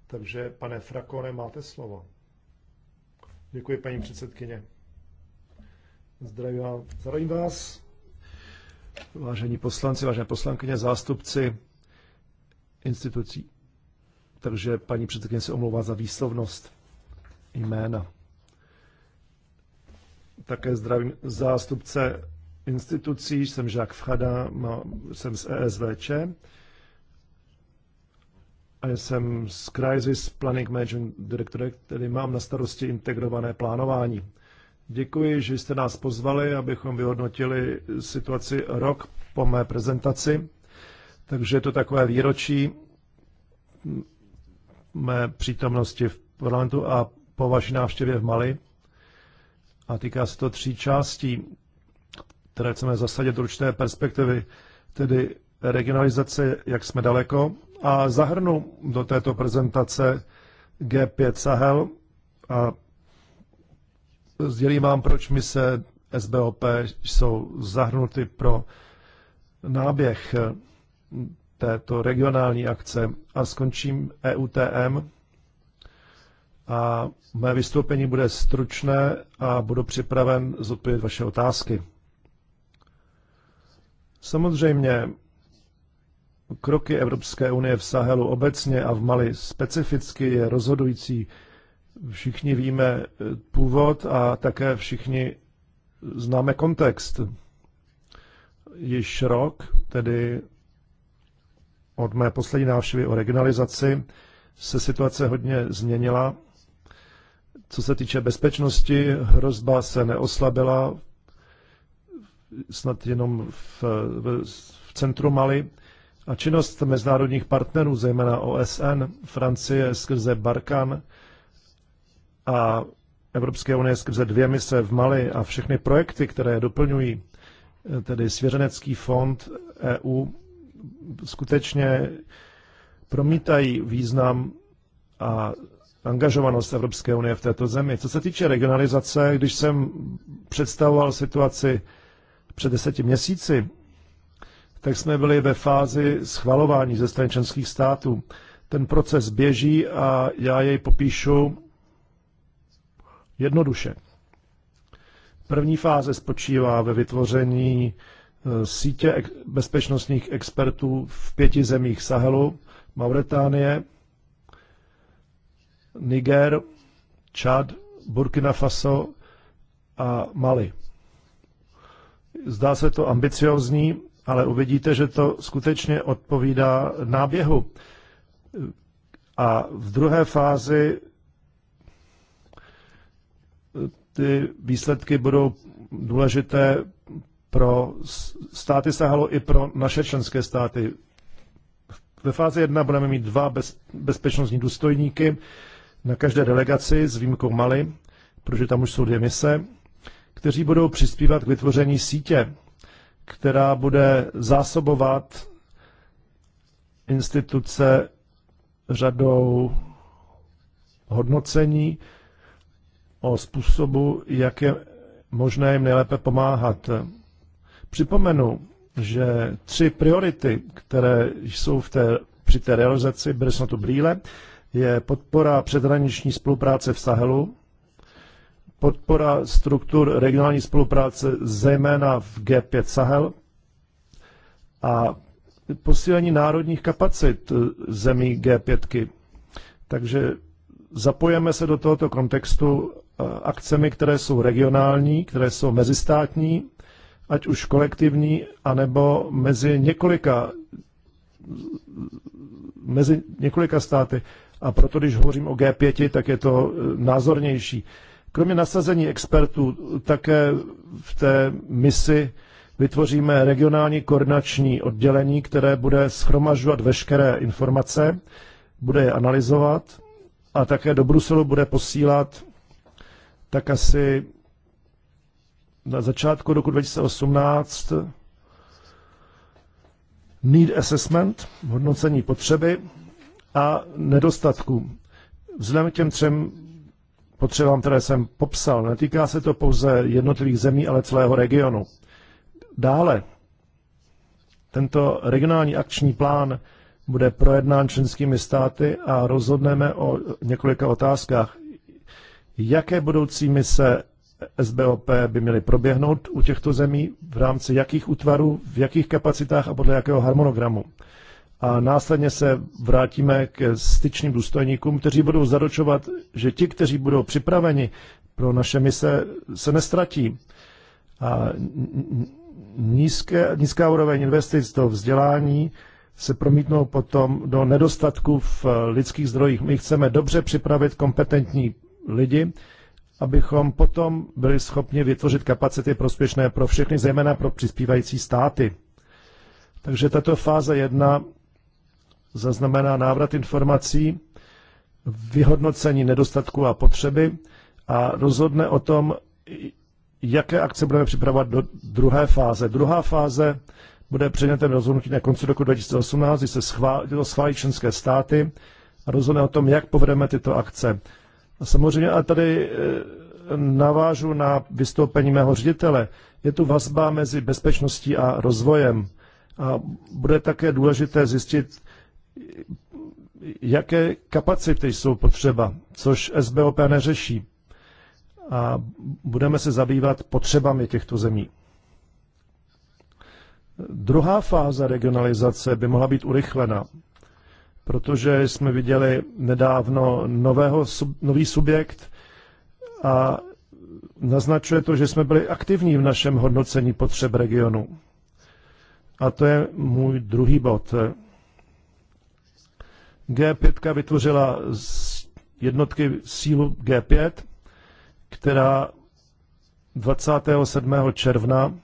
Takže, pane Frakone, máte slovo. Děkuji, paní předsedkyně. Zdravím, zdravím vás, vážení poslanci, vážené poslankyně, zástupci institucí. Takže paní předsedkyně se omlouvá za výslovnost jména. Také zdravím zástupce institucí, jsem Žák Vchada, jsem z ESVČ a jsem z Crisis Planning Management Director, který mám na starosti integrované plánování. Děkuji, že jste nás pozvali, abychom vyhodnotili situaci rok po mé prezentaci. Takže je to takové výročí mé přítomnosti v parlamentu a po vaší návštěvě v Mali. A týká se to tří částí, které chceme zasadit do určité perspektivy, tedy regionalizace, jak jsme daleko, a zahrnu do této prezentace G5 Sahel a sdělím vám, proč se SBOP jsou zahrnuty pro náběh této regionální akce a skončím EUTM a mé vystoupení bude stručné a budu připraven zodpovědět vaše otázky. Samozřejmě kroky Evropské unie v Sahelu obecně a v Mali specificky je rozhodující. Všichni víme eh, původ a také všichni známe kontext. Již rok, tedy od mé poslední návštěvy o regionalizaci, se situace hodně změnila. Co se týče bezpečnosti, hrozba se neoslabila, snad jenom v, v, v centru Mali. A činnost mezinárodních partnerů, zejména OSN, Francie skrze Barkan a Evropské unie skrze dvě mise v Mali a všechny projekty, které je doplňují, tedy Svěřenecký fond EU, skutečně promítají význam a angažovanost Evropské unie v této zemi. Co se týče regionalizace, když jsem představoval situaci před deseti měsíci, tak jsme byli ve fázi schvalování ze strany členských států. Ten proces běží a já jej popíšu jednoduše. První fáze spočívá ve vytvoření eh, sítě bezpečnostních expertů v pěti zemích Sahelu, Mauretánie, Niger, Čad, Burkina Faso a Mali. Zdá se to ambiciozní, ale uvidíte, že to skutečně odpovídá náběhu. A v druhé fázi ty výsledky budou důležité pro státy sahalo i pro naše členské státy. Ve fázi jedna budeme mít dva bez, bezpečnostní důstojníky na každé delegaci s výjimkou Mali, protože tam už jsou dvě mise, kteří budou přispívat k vytvoření sítě která bude zásobovat instituce řadou hodnocení o způsobu, jak je možné jim nejlépe pomáhat. Připomenu, že tři priority, které jsou v té, při té realizaci, byly snad tu brýle, je podpora předhraniční spolupráce v Sahelu, podpora struktur regionální spolupráce, zejména v G5 Sahel, a posílení národních kapacit eh, zemí G5. -ky. Takže zapojeme se do tohoto kontextu eh, akcemi, které jsou regionální, které jsou mezistátní, ať už kolektivní, anebo mezi několika, mezi několika státy. A proto, když hovořím o G5, tak je to eh, názornější. Kromě nasazení expertů také v té misi vytvoříme regionální koordinační oddělení, které bude schromažovat veškeré informace, bude je analyzovat a také do Bruselu bude posílat tak asi na začátku roku 2018 need assessment, hodnocení potřeby a nedostatku. Vzhledem k těm třem potřebám, které jsem popsal. Netýká se to pouze jednotlivých zemí, ale celého regionu. Dále, tento regionální akční plán bude projednán členskými státy a rozhodneme o několika otázkách. Jaké budoucí mise SBOP by měly proběhnout u těchto zemí, v rámci jakých útvarů, v jakých kapacitách a podle jakého harmonogramu a následně se vrátíme k styčným důstojníkům, kteří budou zaručovat, že ti, kteří budou připraveni pro naše mise, se nestratí. A nízké, nízká úroveň investic do vzdělání se promítnou potom do nedostatku v lidských zdrojích. My chceme dobře připravit kompetentní lidi, abychom potom byli schopni vytvořit kapacity prospěšné pro všechny, zejména pro přispívající státy. Takže tato fáze jedna zaznamená návrat informací, vyhodnocení nedostatku a potřeby a rozhodne o tom, jaké akce budeme připravovat do druhé fáze. Druhá fáze bude předmětem rozhodnutí na konci roku 2018, kdy se schválí, schválí členské státy a rozhodne o tom, jak povedeme tyto akce. A samozřejmě a tady e, navážu na vystoupení mého ředitele. Je tu vazba mezi bezpečností a rozvojem. A bude také důležité zjistit, jaké kapacity jsou potřeba, což SBOP neřeší. A budeme se zabývat potřebami těchto zemí. Druhá fáze regionalizace by mohla být urychlena, protože jsme viděli nedávno nového, nový subjekt a naznačuje to, že jsme byli aktivní v našem hodnocení potřeb regionu. A to je můj druhý bod. G5 vytvořila jednotky sílu G5, která 27. června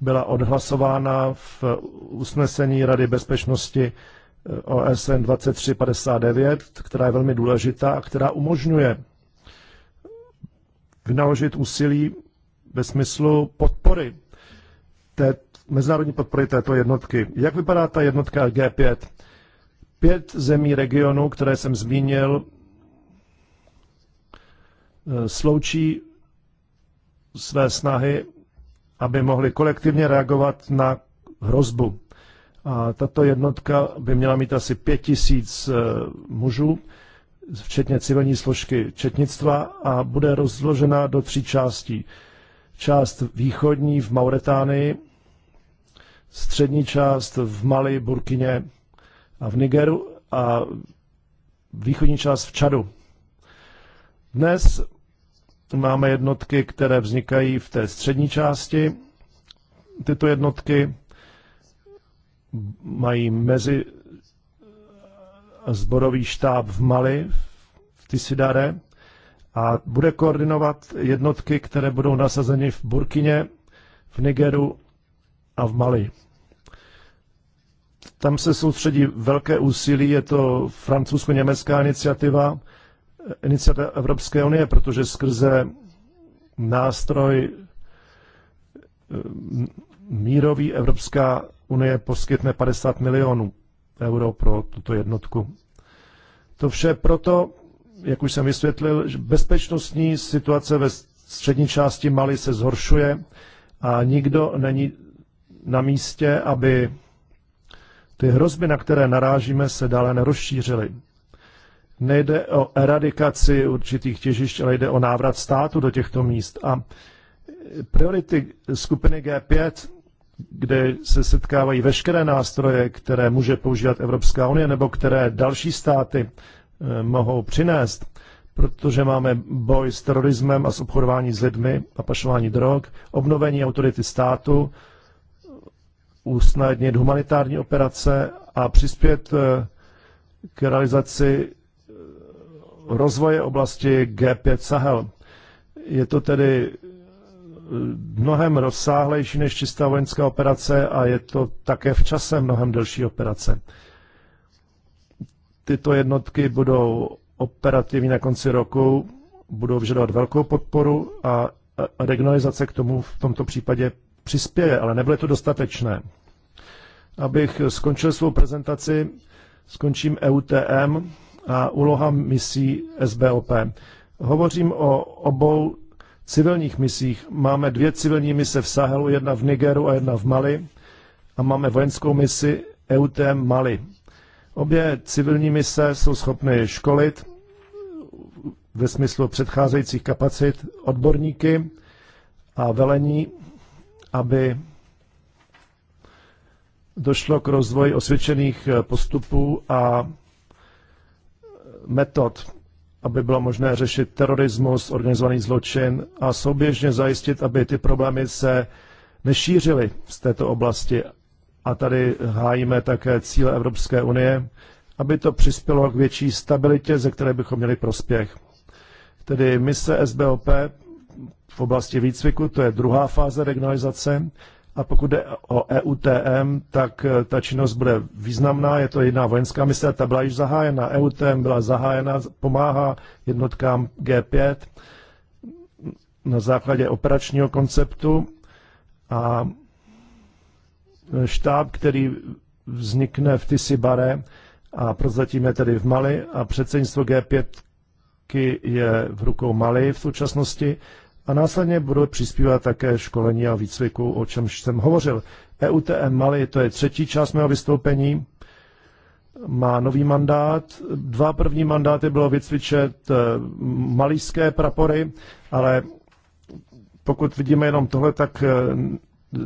byla odhlasována v usnesení Rady bezpečnosti eh, OSN 2359, která je velmi důležitá a která umožňuje vynaložit úsilí ve smyslu podpory té, mezinárodní podpory této jednotky. Jak vypadá ta jednotka G5? Pět zemí regionu, které jsem zmínil, eh, sloučí své snahy, aby mohli kolektivně reagovat na hrozbu. A tato jednotka by měla mít asi pět tisíc eh, mužů, včetně civilní složky četnictva a bude rozložena do tří částí. Část východní v Mauretánii, střední část v Mali, Burkině a v Nigeru a východní část v Čadu. Dnes máme jednotky, které vznikají v té střední části. Tyto jednotky mají mezi zborový štáb v Mali, v Tisidare, a bude koordinovat jednotky, které budou nasazeny v Burkině, v Nigeru a v Mali. Tam se soustředí velké úsilí, je to francouzsko-německá iniciativa, eh, iniciativa Evropské unie, protože skrze nástroj eh, mírový Evropská unie poskytne 50 milionů euro pro tuto jednotku. To vše proto, jak už jsem vysvětlil, že bezpečnostní situace ve střední části Mali se zhoršuje a nikdo není na místě, aby ty hrozby, na které narážíme, se dále nerozšířily. Nejde o eradikaci určitých těžišť, ale jde o návrat státu do těchto míst. A priority skupiny G5, kde se setkávají veškeré nástroje, které může používat Evropská unie nebo které další státy eh, mohou přinést, protože máme boj s terorismem a s obchodování s lidmi a pašování drog, obnovení autority státu, usnadnit humanitární operace a přispět eh, k realizaci eh, rozvoje oblasti G5 Sahel. Je to tedy eh, mnohem rozsáhlejší než čistá vojenská operace a je to také v čase mnohem delší operace. Tyto jednotky budou operativní na konci roku, budou vyžadovat velkou podporu a regionalizace k tomu v tomto případě přispěje, ale nebylo to dostatečné. Abych skončil svou prezentaci, skončím EUTM a úloha misí SBOP. Hovořím o obou civilních misích. Máme dvě civilní mise v Sahelu, jedna v Nigeru a jedna v Mali a máme vojenskou misi EUTM Mali. Obě civilní mise jsou schopny školit ve smyslu předcházejících kapacit odborníky a velení aby došlo k rozvoji osvědčených eh, postupů a eh, metod, aby bylo možné řešit terorismus, organizovaný zločin a souběžně zajistit, aby ty problémy se nešířily z této oblasti. A tady hájíme také cíle Evropské unie, aby to přispělo k větší stabilitě, ze které bychom měli prospěch. Tedy mise SBOP v oblasti výcviku, to je druhá fáze regionalizace. A pokud jde o EUTM, tak eh, ta činnost bude významná, je to jedna vojenská mise, ta byla již zahájena, EUTM byla zahájena, pomáhá jednotkám G5 na základě operačního konceptu a štáb, který vznikne v Tisibare a prozatím je tedy v Mali a předsednictvo G5 je v rukou Mali v současnosti a následně budou přispívat také školení a výcviku, o čemž jsem hovořil. EUTM Mali, to je třetí část mého vystoupení, má nový mandát. Dva první mandáty bylo vycvičet eh, malijské prapory, ale pokud vidíme jenom tohle, tak eh,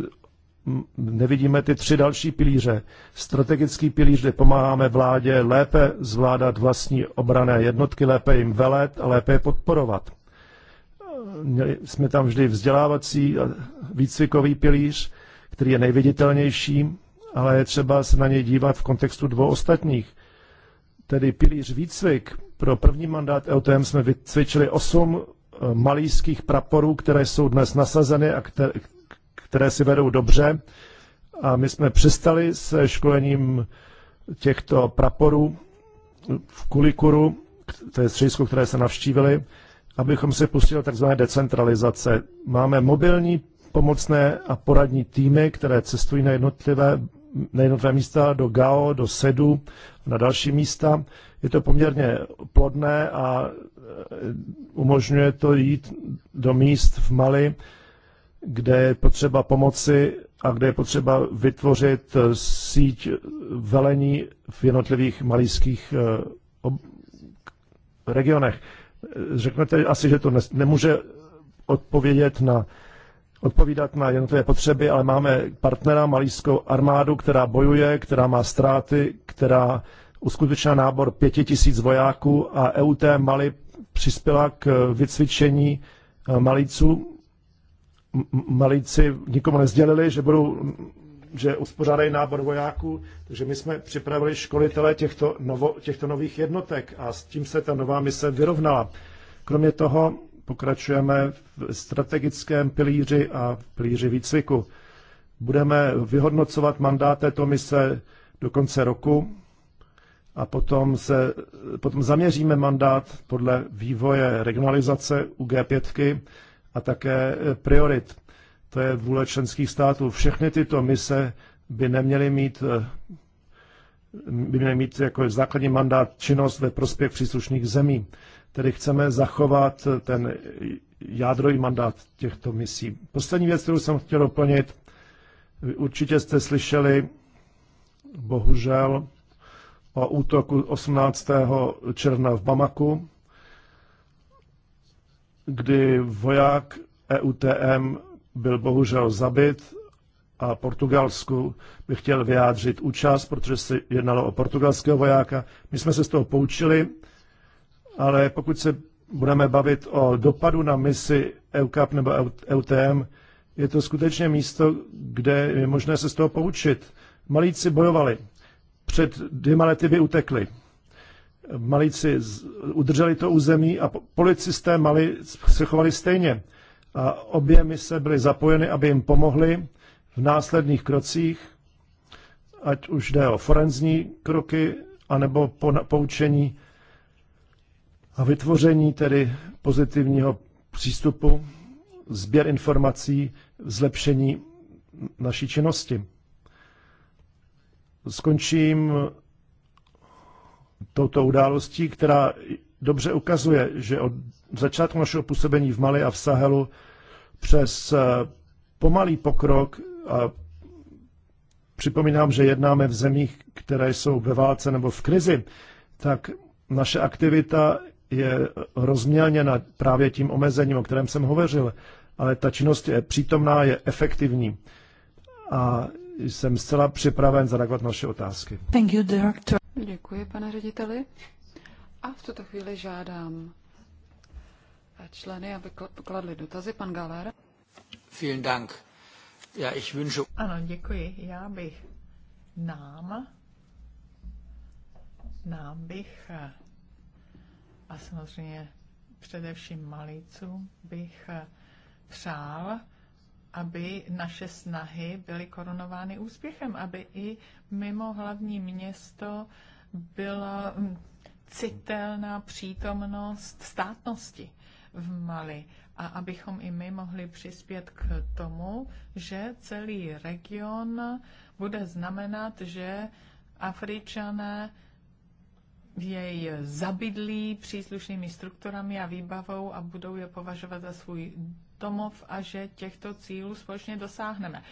nevidíme ty tři další pilíře. Strategický pilíř, kde pomáháme vládě lépe zvládat vlastní obrané jednotky, lépe jim velet a lépe je podporovat. Měli jsme tam vždy vzdělávací a výcvikový pilíř, který je nejviditelnější, ale je třeba se na něj dívat v kontextu dvou ostatních. Tedy pilíř výcvik. Pro první mandát EUTM jsme vycvičili osm eh, malýských praporů, které jsou dnes nasazeny a které, které si vedou dobře. A my jsme přestali se školením těchto praporů v Kulikuru, to je středisko, které se navštívili, abychom se pustili tzv. decentralizace. Máme mobilní pomocné a poradní týmy, které cestují na jednotlivé, na jednotlivé místa do GAO, do SEDu, na další místa. Je to poměrně plodné a e, umožňuje to jít do míst v Mali, kde je potřeba pomoci a kde je potřeba vytvořit e, síť velení v jednotlivých malijských e, regionech. Řeknete asi, že to ne, nemůže odpovědět na, odpovídat na jednotlivé potřeby, ale máme partnera, malískou armádu, která bojuje, která má ztráty, která uskutečná nábor pěti tisíc vojáků a EUT Mali přispěla k vycvičení eh, malíců. Malíci nikomu nezdělili, že budou že uspořádají nábor vojáků, takže my jsme připravili školitele těchto, novo, těchto nových jednotek a s tím se ta nová mise vyrovnala. Kromě toho pokračujeme v strategickém pilíři a v pilíři výcviku. Budeme vyhodnocovat mandát této mise do konce roku a potom, se, potom zaměříme mandát podle vývoje regionalizace u G5 a také priorit to je vůle členských států. Všechny tyto mise by neměly mít eh, by měly mít jako základní mandát činnost ve prospěch příslušných zemí. Tedy chceme zachovat eh, ten jádrový mandát těchto misí. Poslední věc, kterou jsem chtěl doplnit, vy určitě jste slyšeli, bohužel, o útoku 18. června v Bamaku, kdy voják EUTM byl bohužel zabit a Portugalsku bych chtěl vyjádřit účast, protože se jednalo o portugalského vojáka. My jsme se z toho poučili, ale pokud se budeme bavit o dopadu na misi EUCAP nebo EUTM, je to skutečně místo, kde je možné se z toho poučit. Malíci bojovali. Před dvěma lety by utekli. Malíci udrželi to území a policisté Mali se chovali stejně a obě mise byly zapojeny, aby jim pomohly v následných krocích, ať už jde o forenzní kroky, anebo po poučení a vytvoření tedy pozitivního přístupu, sběr informací, zlepšení naší činnosti. Skončím touto událostí, která dobře ukazuje, že od začátku našeho působení v Mali a v Sahelu přes eh, pomalý pokrok a připomínám, že jednáme v zemích, které jsou ve válce nebo v krizi, tak naše aktivita je rozmělněna právě tím omezením, o kterém jsem hovořil. Ale ta činnost je přítomná, je efektivní. A jsem zcela připraven zareagovat na vaše otázky. Thank you, director. Děkuji, pane řediteli. A v tuto chvíli žádám členy, aby kladli dotazy. Pan Galer. Vielen Dank. Já ich wünsche... Ano, děkuji. Já bych nám, nám bych eh, a samozřejmě především malícům bych eh, přál, aby naše snahy byly korunovány úspěchem, aby i mimo hlavní město byla hm, citelná přítomnost státnosti v Mali a abychom i my mohli přispět k tomu, že celý region bude znamenat, že Afričané jej zabydlí příslušnými strukturami a výbavou a budou je považovat za svůj domov a že těchto cílů společně dosáhneme.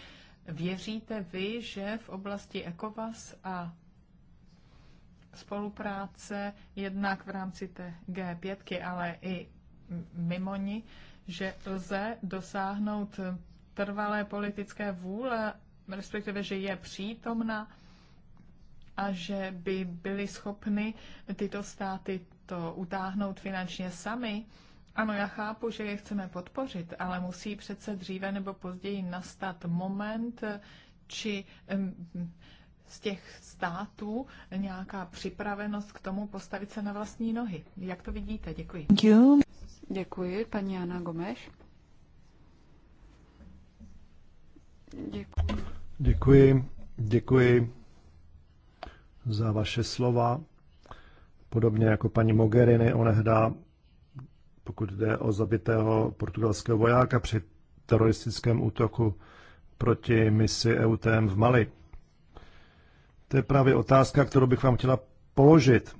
Věříte vy, že v oblasti ECOWAS a spolupráce jednak v rámci té G5, ale i mimo ní, že lze dosáhnout trvalé politické vůle, respektive, že je přítomna a že by byly schopny tyto státy to utáhnout finančně sami. Ano, já chápu, že je chceme podpořit, ale musí přece dříve nebo později nastat moment, či z těch států nějaká připravenost k tomu postavit se na vlastní nohy. Jak to vidíte? Děkuji. Děkuji, paní Jana Gomeš. Děkuji. Děkuji. Děkuji za vaše slova. Podobně jako paní Mogherini, onehda, pokud jde o zabitého portugalského vojáka při teroristickém útoku proti misi EUTM v Mali. To je právě otázka, kterou bych vám chtěla položit.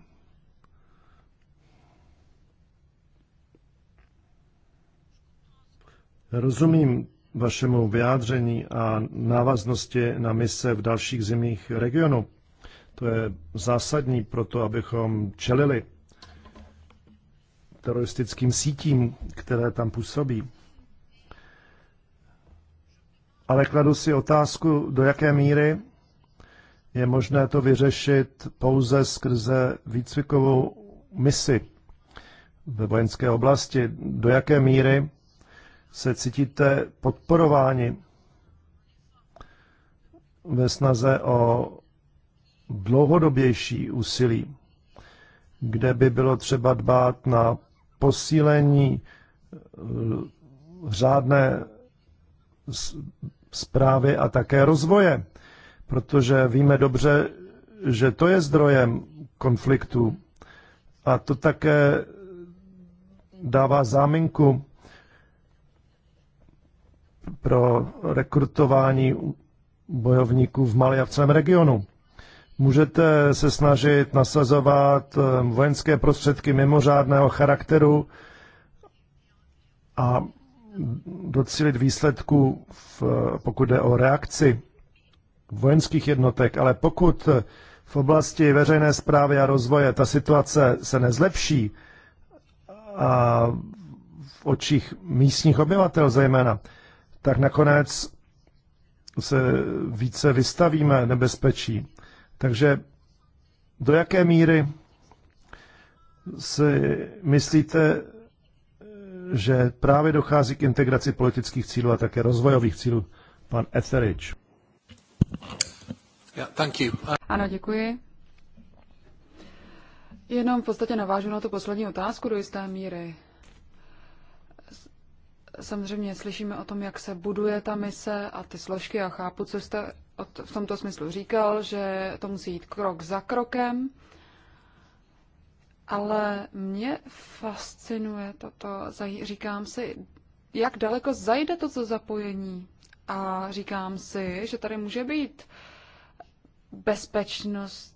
Rozumím vašemu vyjádření a návaznosti na mise v dalších zemích regionu. To je zásadní pro to, abychom čelili teroristickým sítím, které tam působí. Ale kladu si otázku, do jaké míry je možné to vyřešit pouze skrze výcvikovou misi ve vojenské oblasti. Do jaké míry se cítíte podporováni ve snaze o dlouhodobější úsilí, kde by bylo třeba dbát na posílení eh, řádné zprávy a také rozvoje protože víme dobře, že to je zdrojem konfliktu. A to také dává záminku pro rekrutování bojovníků v Mali a v celém regionu. Můžete se snažit nasazovat eh, vojenské prostředky mimořádného charakteru a docílit výsledku, v, eh, pokud jde o reakci vojenských jednotek, ale pokud v oblasti veřejné zprávy a rozvoje ta situace se nezlepší a v očích místních obyvatel zejména, tak nakonec se více vystavíme nebezpečí. Takže do jaké míry si myslíte, že právě dochází k integraci politických cílů a také rozvojových cílů? Pan Etheridge. Uh, ano, děkuji. Jenom v podstatě navážu na tu poslední otázku do jisté míry. Samozřejmě slyšíme o tom, jak se buduje ta mise a ty složky a chápu, co jste v tomto smyslu říkal, že to musí jít krok za krokem. Ale mě fascinuje toto, říkám si, jak daleko zajde toto zapojení a říkám si, že tady může být bezpečnost,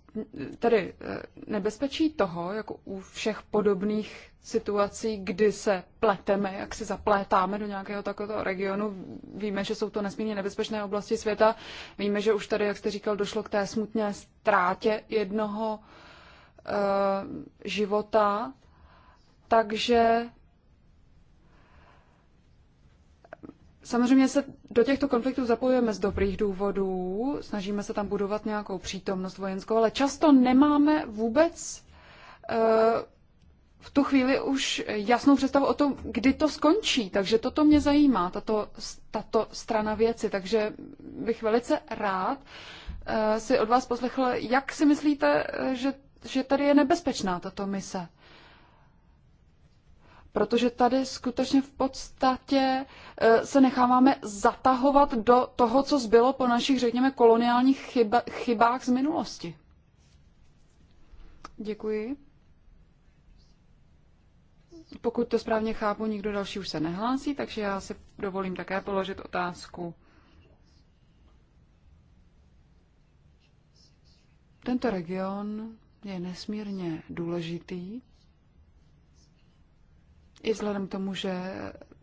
tedy eh, nebezpečí toho, jako u všech podobných situací, kdy se pleteme, jak si zaplétáme do nějakého takového regionu. Víme, že jsou to nesmírně nebezpečné oblasti světa. Víme, že už tady, jak jste říkal, došlo k té smutné ztrátě jednoho uh, života. Takže Samozřejmě se do těchto konfliktů zapojujeme z dobrých důvodů, snažíme se tam budovat nějakou přítomnost vojenskou, ale často nemáme vůbec eh, v tu chvíli už jasnou představu o tom, kdy to skončí. Takže toto mě zajímá, tato, tato strana věci. Takže bych velice rád eh, si od vás poslechl, jak si myslíte, eh, že, že tady je nebezpečná tato mise. Protože tady skutečně v podstatě eh, se necháváme zatahovat do toho, co zbylo po našich, řekněme, koloniálních chyba, chybách z minulosti. Děkuji. Pokud to správně chápu, nikdo další už se nehlásí, takže já si dovolím také položit otázku. Tento region je nesmírně důležitý i vzhledem k tomu, že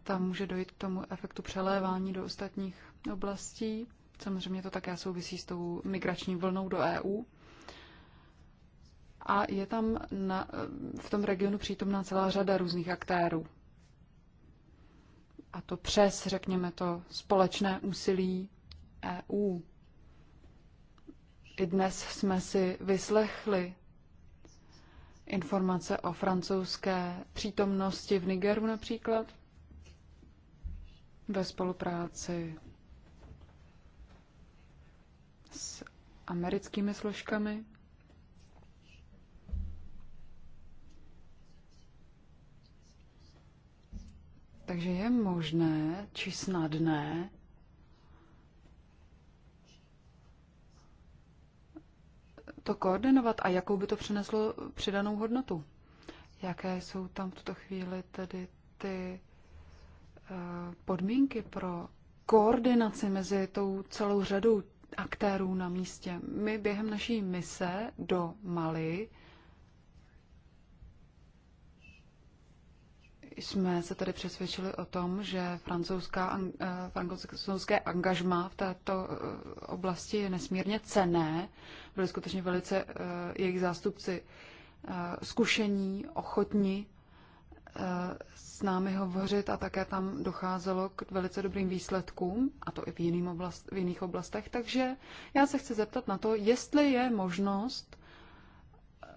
tam může dojít k tomu efektu přelévání do ostatních oblastí. Samozřejmě to také souvisí s tou migrační vlnou do EU. A je tam na, v tom regionu přítomná celá řada různých aktérů. A to přes, řekněme to, společné úsilí EU. I dnes jsme si vyslechli informace o francouzské přítomnosti v Nigeru například ve spolupráci s americkými složkami. Takže je možné či snadné to koordinovat a jakou by to přineslo přidanou hodnotu? Jaké jsou tam v tuto chvíli tedy ty eh, podmínky pro koordinaci mezi tou celou řadou aktérů na místě? My během naší mise do Mali jsme se tady přesvědčili o tom, že francouzská, eh, francouzské angažma v této eh, oblasti je nesmírně cené. Byli skutečně velice eh, jejich zástupci zkušení, ochotní s námi hovořit a také tam docházelo k velice dobrým výsledkům, a to i v, jiným oblast, v jiných oblastech. Takže já se chci zeptat na to, jestli je možnost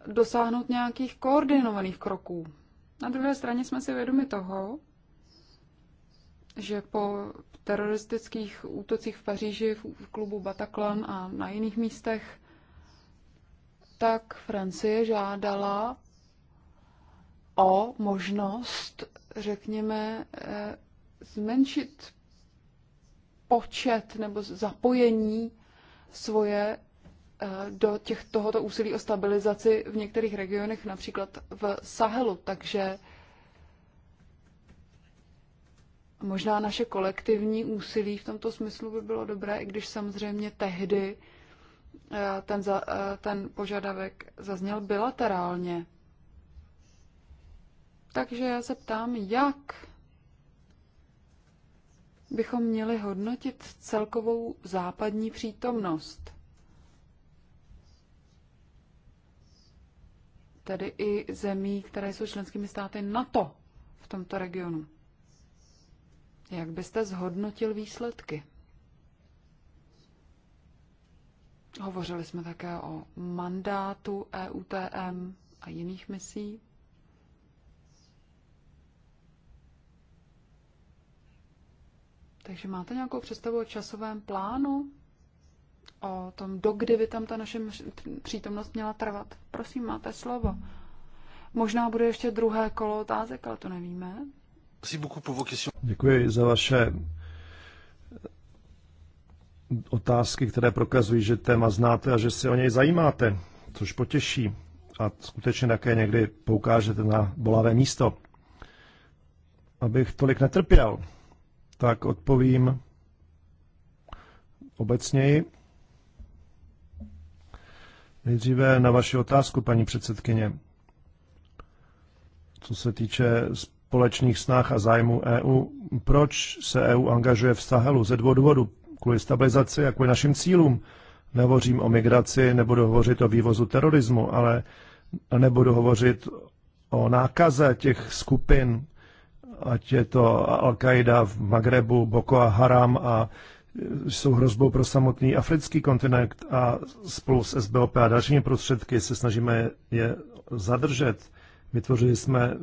dosáhnout nějakých koordinovaných kroků na druhé straně jsme si vědomi toho, že po teroristických útocích v Paříži, v klubu Bataclan a na jiných místech, tak Francie žádala o možnost, řekněme, eh, zmenšit počet nebo zapojení svoje Eh, do těch, tohoto úsilí o stabilizaci v některých regionech, například v Sahelu. Takže možná naše kolektivní úsilí v tomto smyslu by bylo dobré, i když samozřejmě tehdy eh, ten, za, eh, ten požadavek zazněl bilaterálně. Takže já se ptám, jak bychom měli hodnotit celkovou západní přítomnost. tedy i zemí, které jsou členskými státy NATO v tomto regionu. Jak byste zhodnotil výsledky? Hovořili jsme také o mandátu EUTM a jiných misí. Takže máte nějakou představu o časovém plánu? o tom, dokdy by tam ta naše přítomnost měla trvat. Prosím, máte slovo. Možná bude ještě druhé kolo otázek, ale to nevíme. Děkuji za vaše eh, otázky, které prokazují, že téma znáte a že se o něj zajímáte, což potěší a skutečně také někdy poukážete na bolavé místo. Abych tolik netrpěl, tak odpovím obecněji Nejdříve na vaši otázku, paní předsedkyně. Co se týče společných snah a zájmů EU, proč se EU angažuje v Sahelu? Ze dvou důvodů. Kvůli stabilizaci a kvůli našim cílům. Nehovořím o migraci, nebudu hovořit o vývozu terorismu, ale nebudu hovořit o nákaze těch skupin, ať je to Al-Qaida v Magrebu, Boko Haram a jsou hrozbou pro samotný africký kontinent a spolu s SBOP a dalšími prostředky se snažíme je zadržet. Vytvořili jsme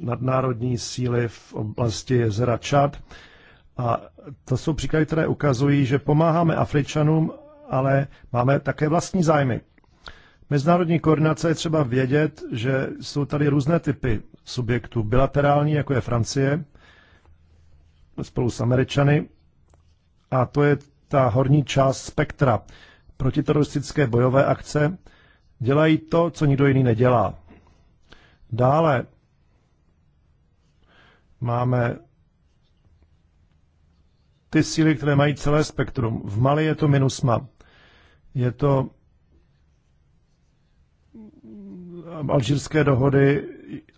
nadnárodní síly v oblasti jezera Čad a to jsou příklady, které ukazují, že pomáháme Afričanům, ale máme také vlastní zájmy. Mezinárodní koordinace je třeba vědět, že jsou tady různé typy subjektů. Bilaterální, jako je Francie, spolu s Američany, a to je ta horní část spektra. Protiteroristické bojové akce dělají to, co nikdo jiný nedělá. Dále máme ty síly, které mají celé spektrum. V Mali je to MINUSMA. Je to alžírské dohody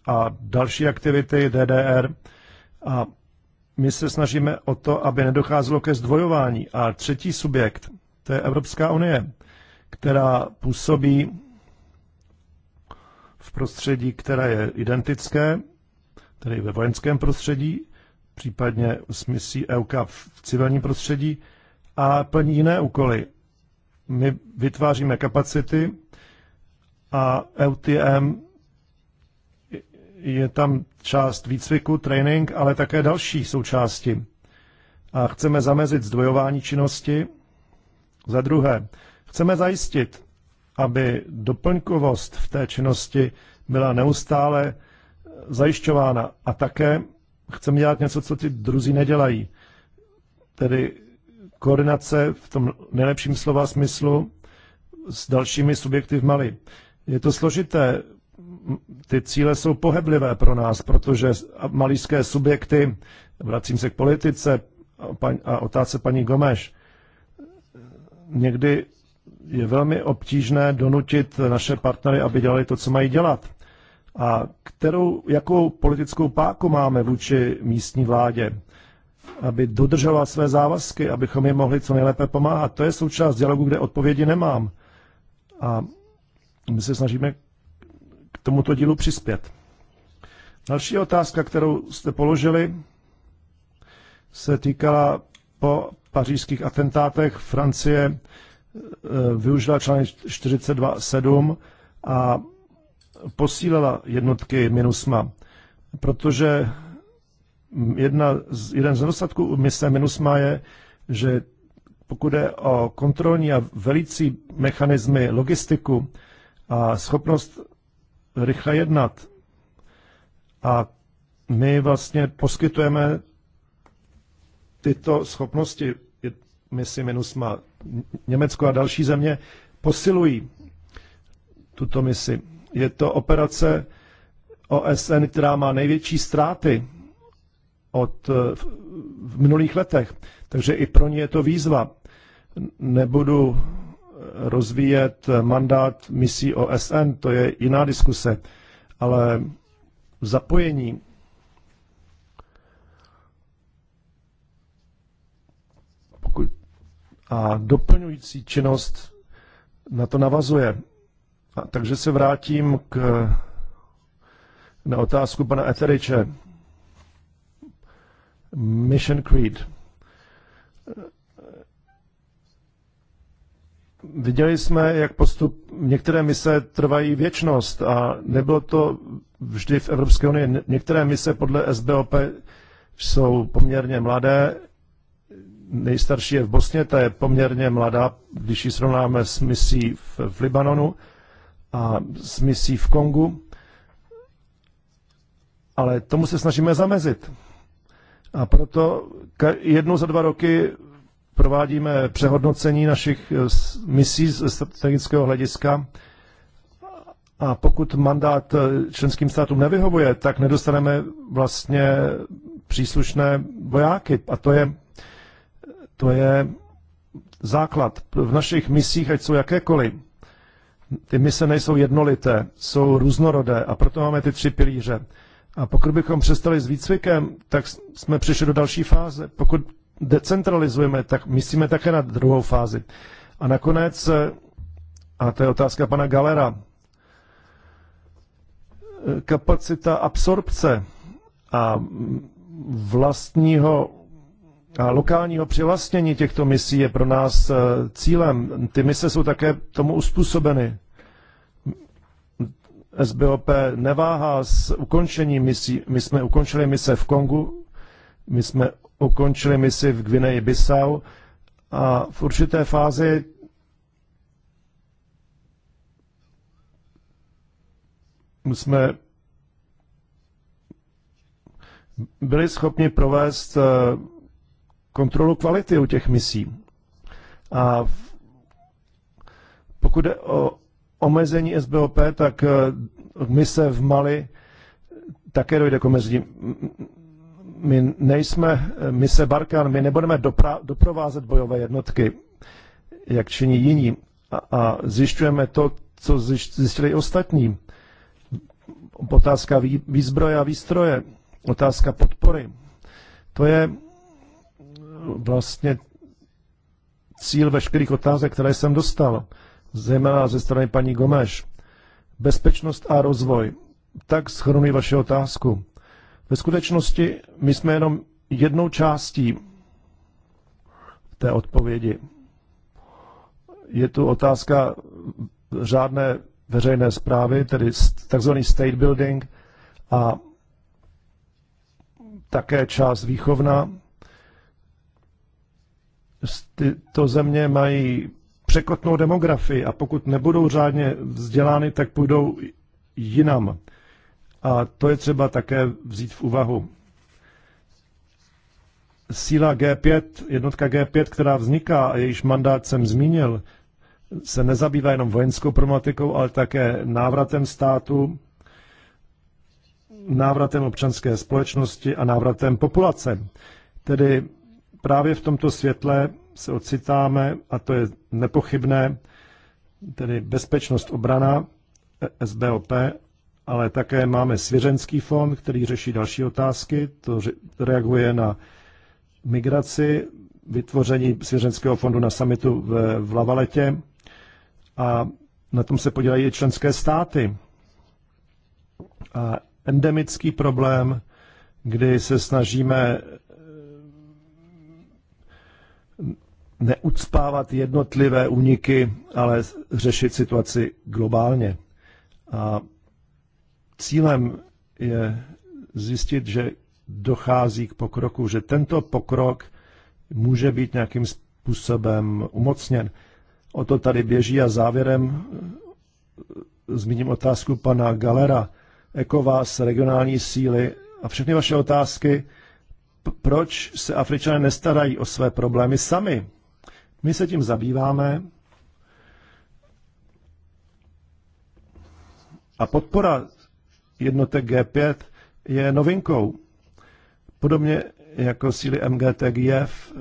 a další aktivity DDR. A my se snažíme o to, aby nedocházelo ke zdvojování. A třetí subjekt, to je Evropská unie, která působí v prostředí, které je identické, tedy ve vojenském prostředí, případně s misí EUK v civilním prostředí a plní jiné úkoly. My vytváříme kapacity a EUTM je tam část výcviku, trénink, ale také další součásti. A chceme zamezit zdvojování činnosti. Za druhé, chceme zajistit, aby doplňkovost v té činnosti byla neustále zajišťována. A také chceme dělat něco, co ty druzí nedělají. Tedy koordinace v tom nejlepším slova smyslu s dalšími subjekty v Mali. Je to složité ty cíle jsou poheblivé pro nás, protože malíské subjekty, vracím se k politice a otázce paní Gomeš, někdy je velmi obtížné donutit naše partnery, aby dělali to, co mají dělat. A kterou, jakou politickou páku máme vůči místní vládě, aby dodržovala své závazky, abychom jim mohli co nejlépe pomáhat. To je součást dialogu, kde odpovědi nemám. A my se snažíme tomuto dílu přispět. Další otázka, kterou jste položili, se týkala po pařížských atentátech Francie eh, využila článek 42.7 a posílala jednotky MINUSMA, protože jedna z, jeden z nedostatků mise MINUSMA je, že pokud je o kontrolní a velící mechanismy, logistiku a schopnost rychle jednat. A my vlastně poskytujeme tyto schopnosti misi MINUSMA. Německo a další země posilují tuto misi. Je to operace OSN, která má největší ztráty od v minulých letech. Takže i pro ně je to výzva. Nebudu rozvíjet mandát misí OSN, to je jiná diskuse, ale zapojení a doplňující činnost na to navazuje. A takže se vrátím k, na otázku pana Eteriče. Mission Creed Viděli jsme, jak postup, některé mise trvají věčnost a nebylo to vždy v Evropské unii. Některé mise podle SBOP jsou poměrně mladé, nejstarší je v Bosně, ta je poměrně mladá, když ji srovnáme s misí v, v Libanonu a s misí v Kongu. Ale tomu se snažíme zamezit. A proto jednou za dva roky provádíme přehodnocení našich eh, misí z strategického hlediska a pokud mandát eh, členským státům nevyhovuje, tak nedostaneme vlastně příslušné vojáky. A to je, to je základ. V našich misích, ať jsou jakékoliv, ty mise nejsou jednolité, jsou různorodé a proto máme ty tři pilíře. A pokud bychom přestali s výcvikem, tak jsme přišli do další fáze. Pokud decentralizujeme, tak myslíme také na druhou fázi. A nakonec, eh, a to je otázka pana Galera, eh, kapacita absorpce a vlastního a lokálního přivlastnění těchto misí je pro nás eh, cílem. Ty mise jsou také tomu uspůsobeny. SBOP neváhá s ukončením misí. My jsme ukončili mise v Kongu, my jsme ukončili misi v Gvineji Bissau a v určité fázi jsme byli schopni provést eh, kontrolu kvality u těch misí. A pokud je o omezení SBOP, tak eh, mise v Mali také dojde k omezení. My nejsme mise Barkan, my nebudeme dopra- doprovázet bojové jednotky, jak činí jiní. A, a zjišťujeme to, co zjistili ostatní. Otázka vý, výzbroje a výstroje, otázka podpory. To je eh, vlastně cíl veškerých otázek, které jsem dostal, zejména ze strany paní Gomeš. Bezpečnost a rozvoj. Tak schrnuji vaši otázku. Ve skutečnosti my jsme jenom jednou částí té odpovědi. Je tu otázka řádné veřejné zprávy, tedy takzvaný state building a také část výchovna. Tyto země mají překotnou demografii a pokud nebudou řádně vzdělány, tak půjdou jinam. A to je třeba také vzít v úvahu. Síla G5, jednotka G5, která vzniká a jejíž mandát jsem zmínil, se nezabývá jenom vojenskou problematikou, ale také návratem státu, návratem občanské společnosti a návratem populace. Tedy právě v tomto světle se ocitáme, a to je nepochybné, tedy bezpečnost obrana, e SBOP ale také máme svěřenský fond, který řeší další otázky, to reaguje na migraci, vytvoření svěřenského fondu na samitu v Lavaletě a na tom se podílejí i členské státy. A endemický problém, kdy se snažíme eh, neucpávat jednotlivé úniky, ale řešit situaci globálně. A Cílem je zjistit, že dochází k pokroku, že tento pokrok může být nějakým způsobem umocněn. O to tady běží a závěrem eh, zmíním otázku pana Galera. Ekovás, regionální síly a všechny vaše otázky, proč se Afričané nestarají o své problémy sami. My se tím zabýváme a podpora jednotek G5 je novinkou. Podobně jako síly MGTGF,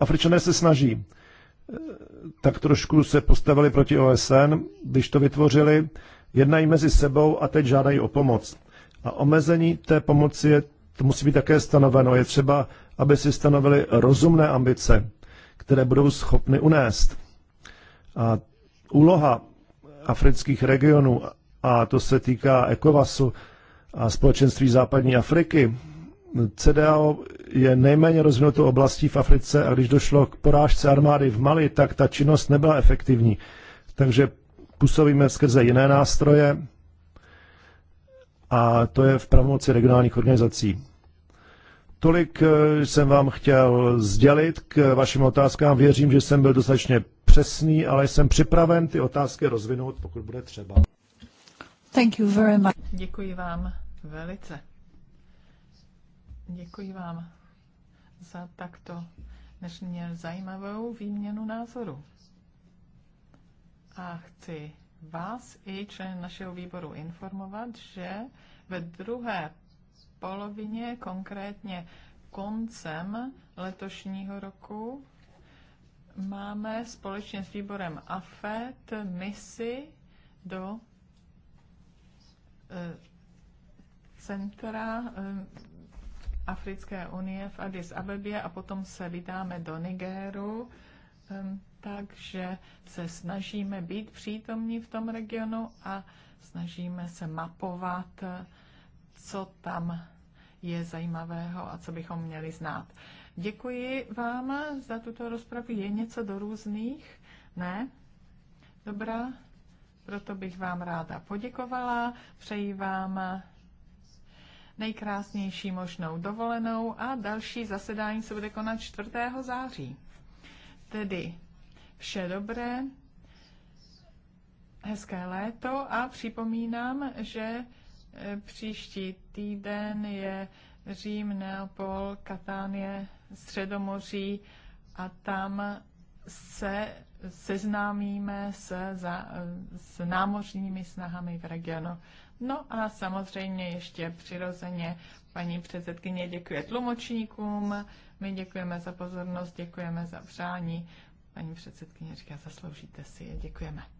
Afričané se snaží. Eh, tak trošku se postavili proti OSN, když to vytvořili, jednají mezi sebou a teď žádají o pomoc. A omezení té pomoci je, to musí být také stanoveno. Je třeba, aby si stanovili rozumné ambice, které budou schopny unést. A úloha afrických regionů a to se týká ECOWASu a společenství západní Afriky. CDAO je nejméně rozvinutou oblastí v Africe a když došlo k porážce armády v Mali, tak ta činnost nebyla efektivní. Takže působíme skrze jiné nástroje a to je v pravomoci regionálních organizací. Tolik eh, jsem vám chtěl sdělit k vašim otázkám. Věřím, že jsem byl dostatečně přesný, ale jsem připraven ty otázky rozvinout, pokud bude třeba. Thank you very much. Děkuji vám velice. Děkuji vám za takto dnešně zajímavou výměnu názoru. A chci vás i člen našeho výboru informovat, že ve druhé polovině, konkrétně koncem letošního roku, máme společně s výborem AFET misi do Eh, centra eh, Africké unie v Addis Abebě a potom se vydáme do Nigéru, takže se snažíme být přítomní v tom regionu a snažíme se mapovat, co tam je zajímavého a co bychom měli znát. Děkuji vám za tuto rozpravu. Je něco do různých? Ne? Dobrá, proto bych vám ráda poděkovala, přeji vám nejkrásnější možnou dovolenou a další zasedání se bude konat 4. září. Tedy vše dobré, hezké léto a připomínám, že e, příští týden je Řím, Neapol, Katánie, Středomoří a tam se seznámíme se za, s námořními snahami v regionu. No a samozřejmě ještě přirozeně paní předsedkyně děkuje tlumočníkům, my děkujeme za pozornost, děkujeme za přání. Paní předsedkyně říká, zasloužíte si je, děkujeme.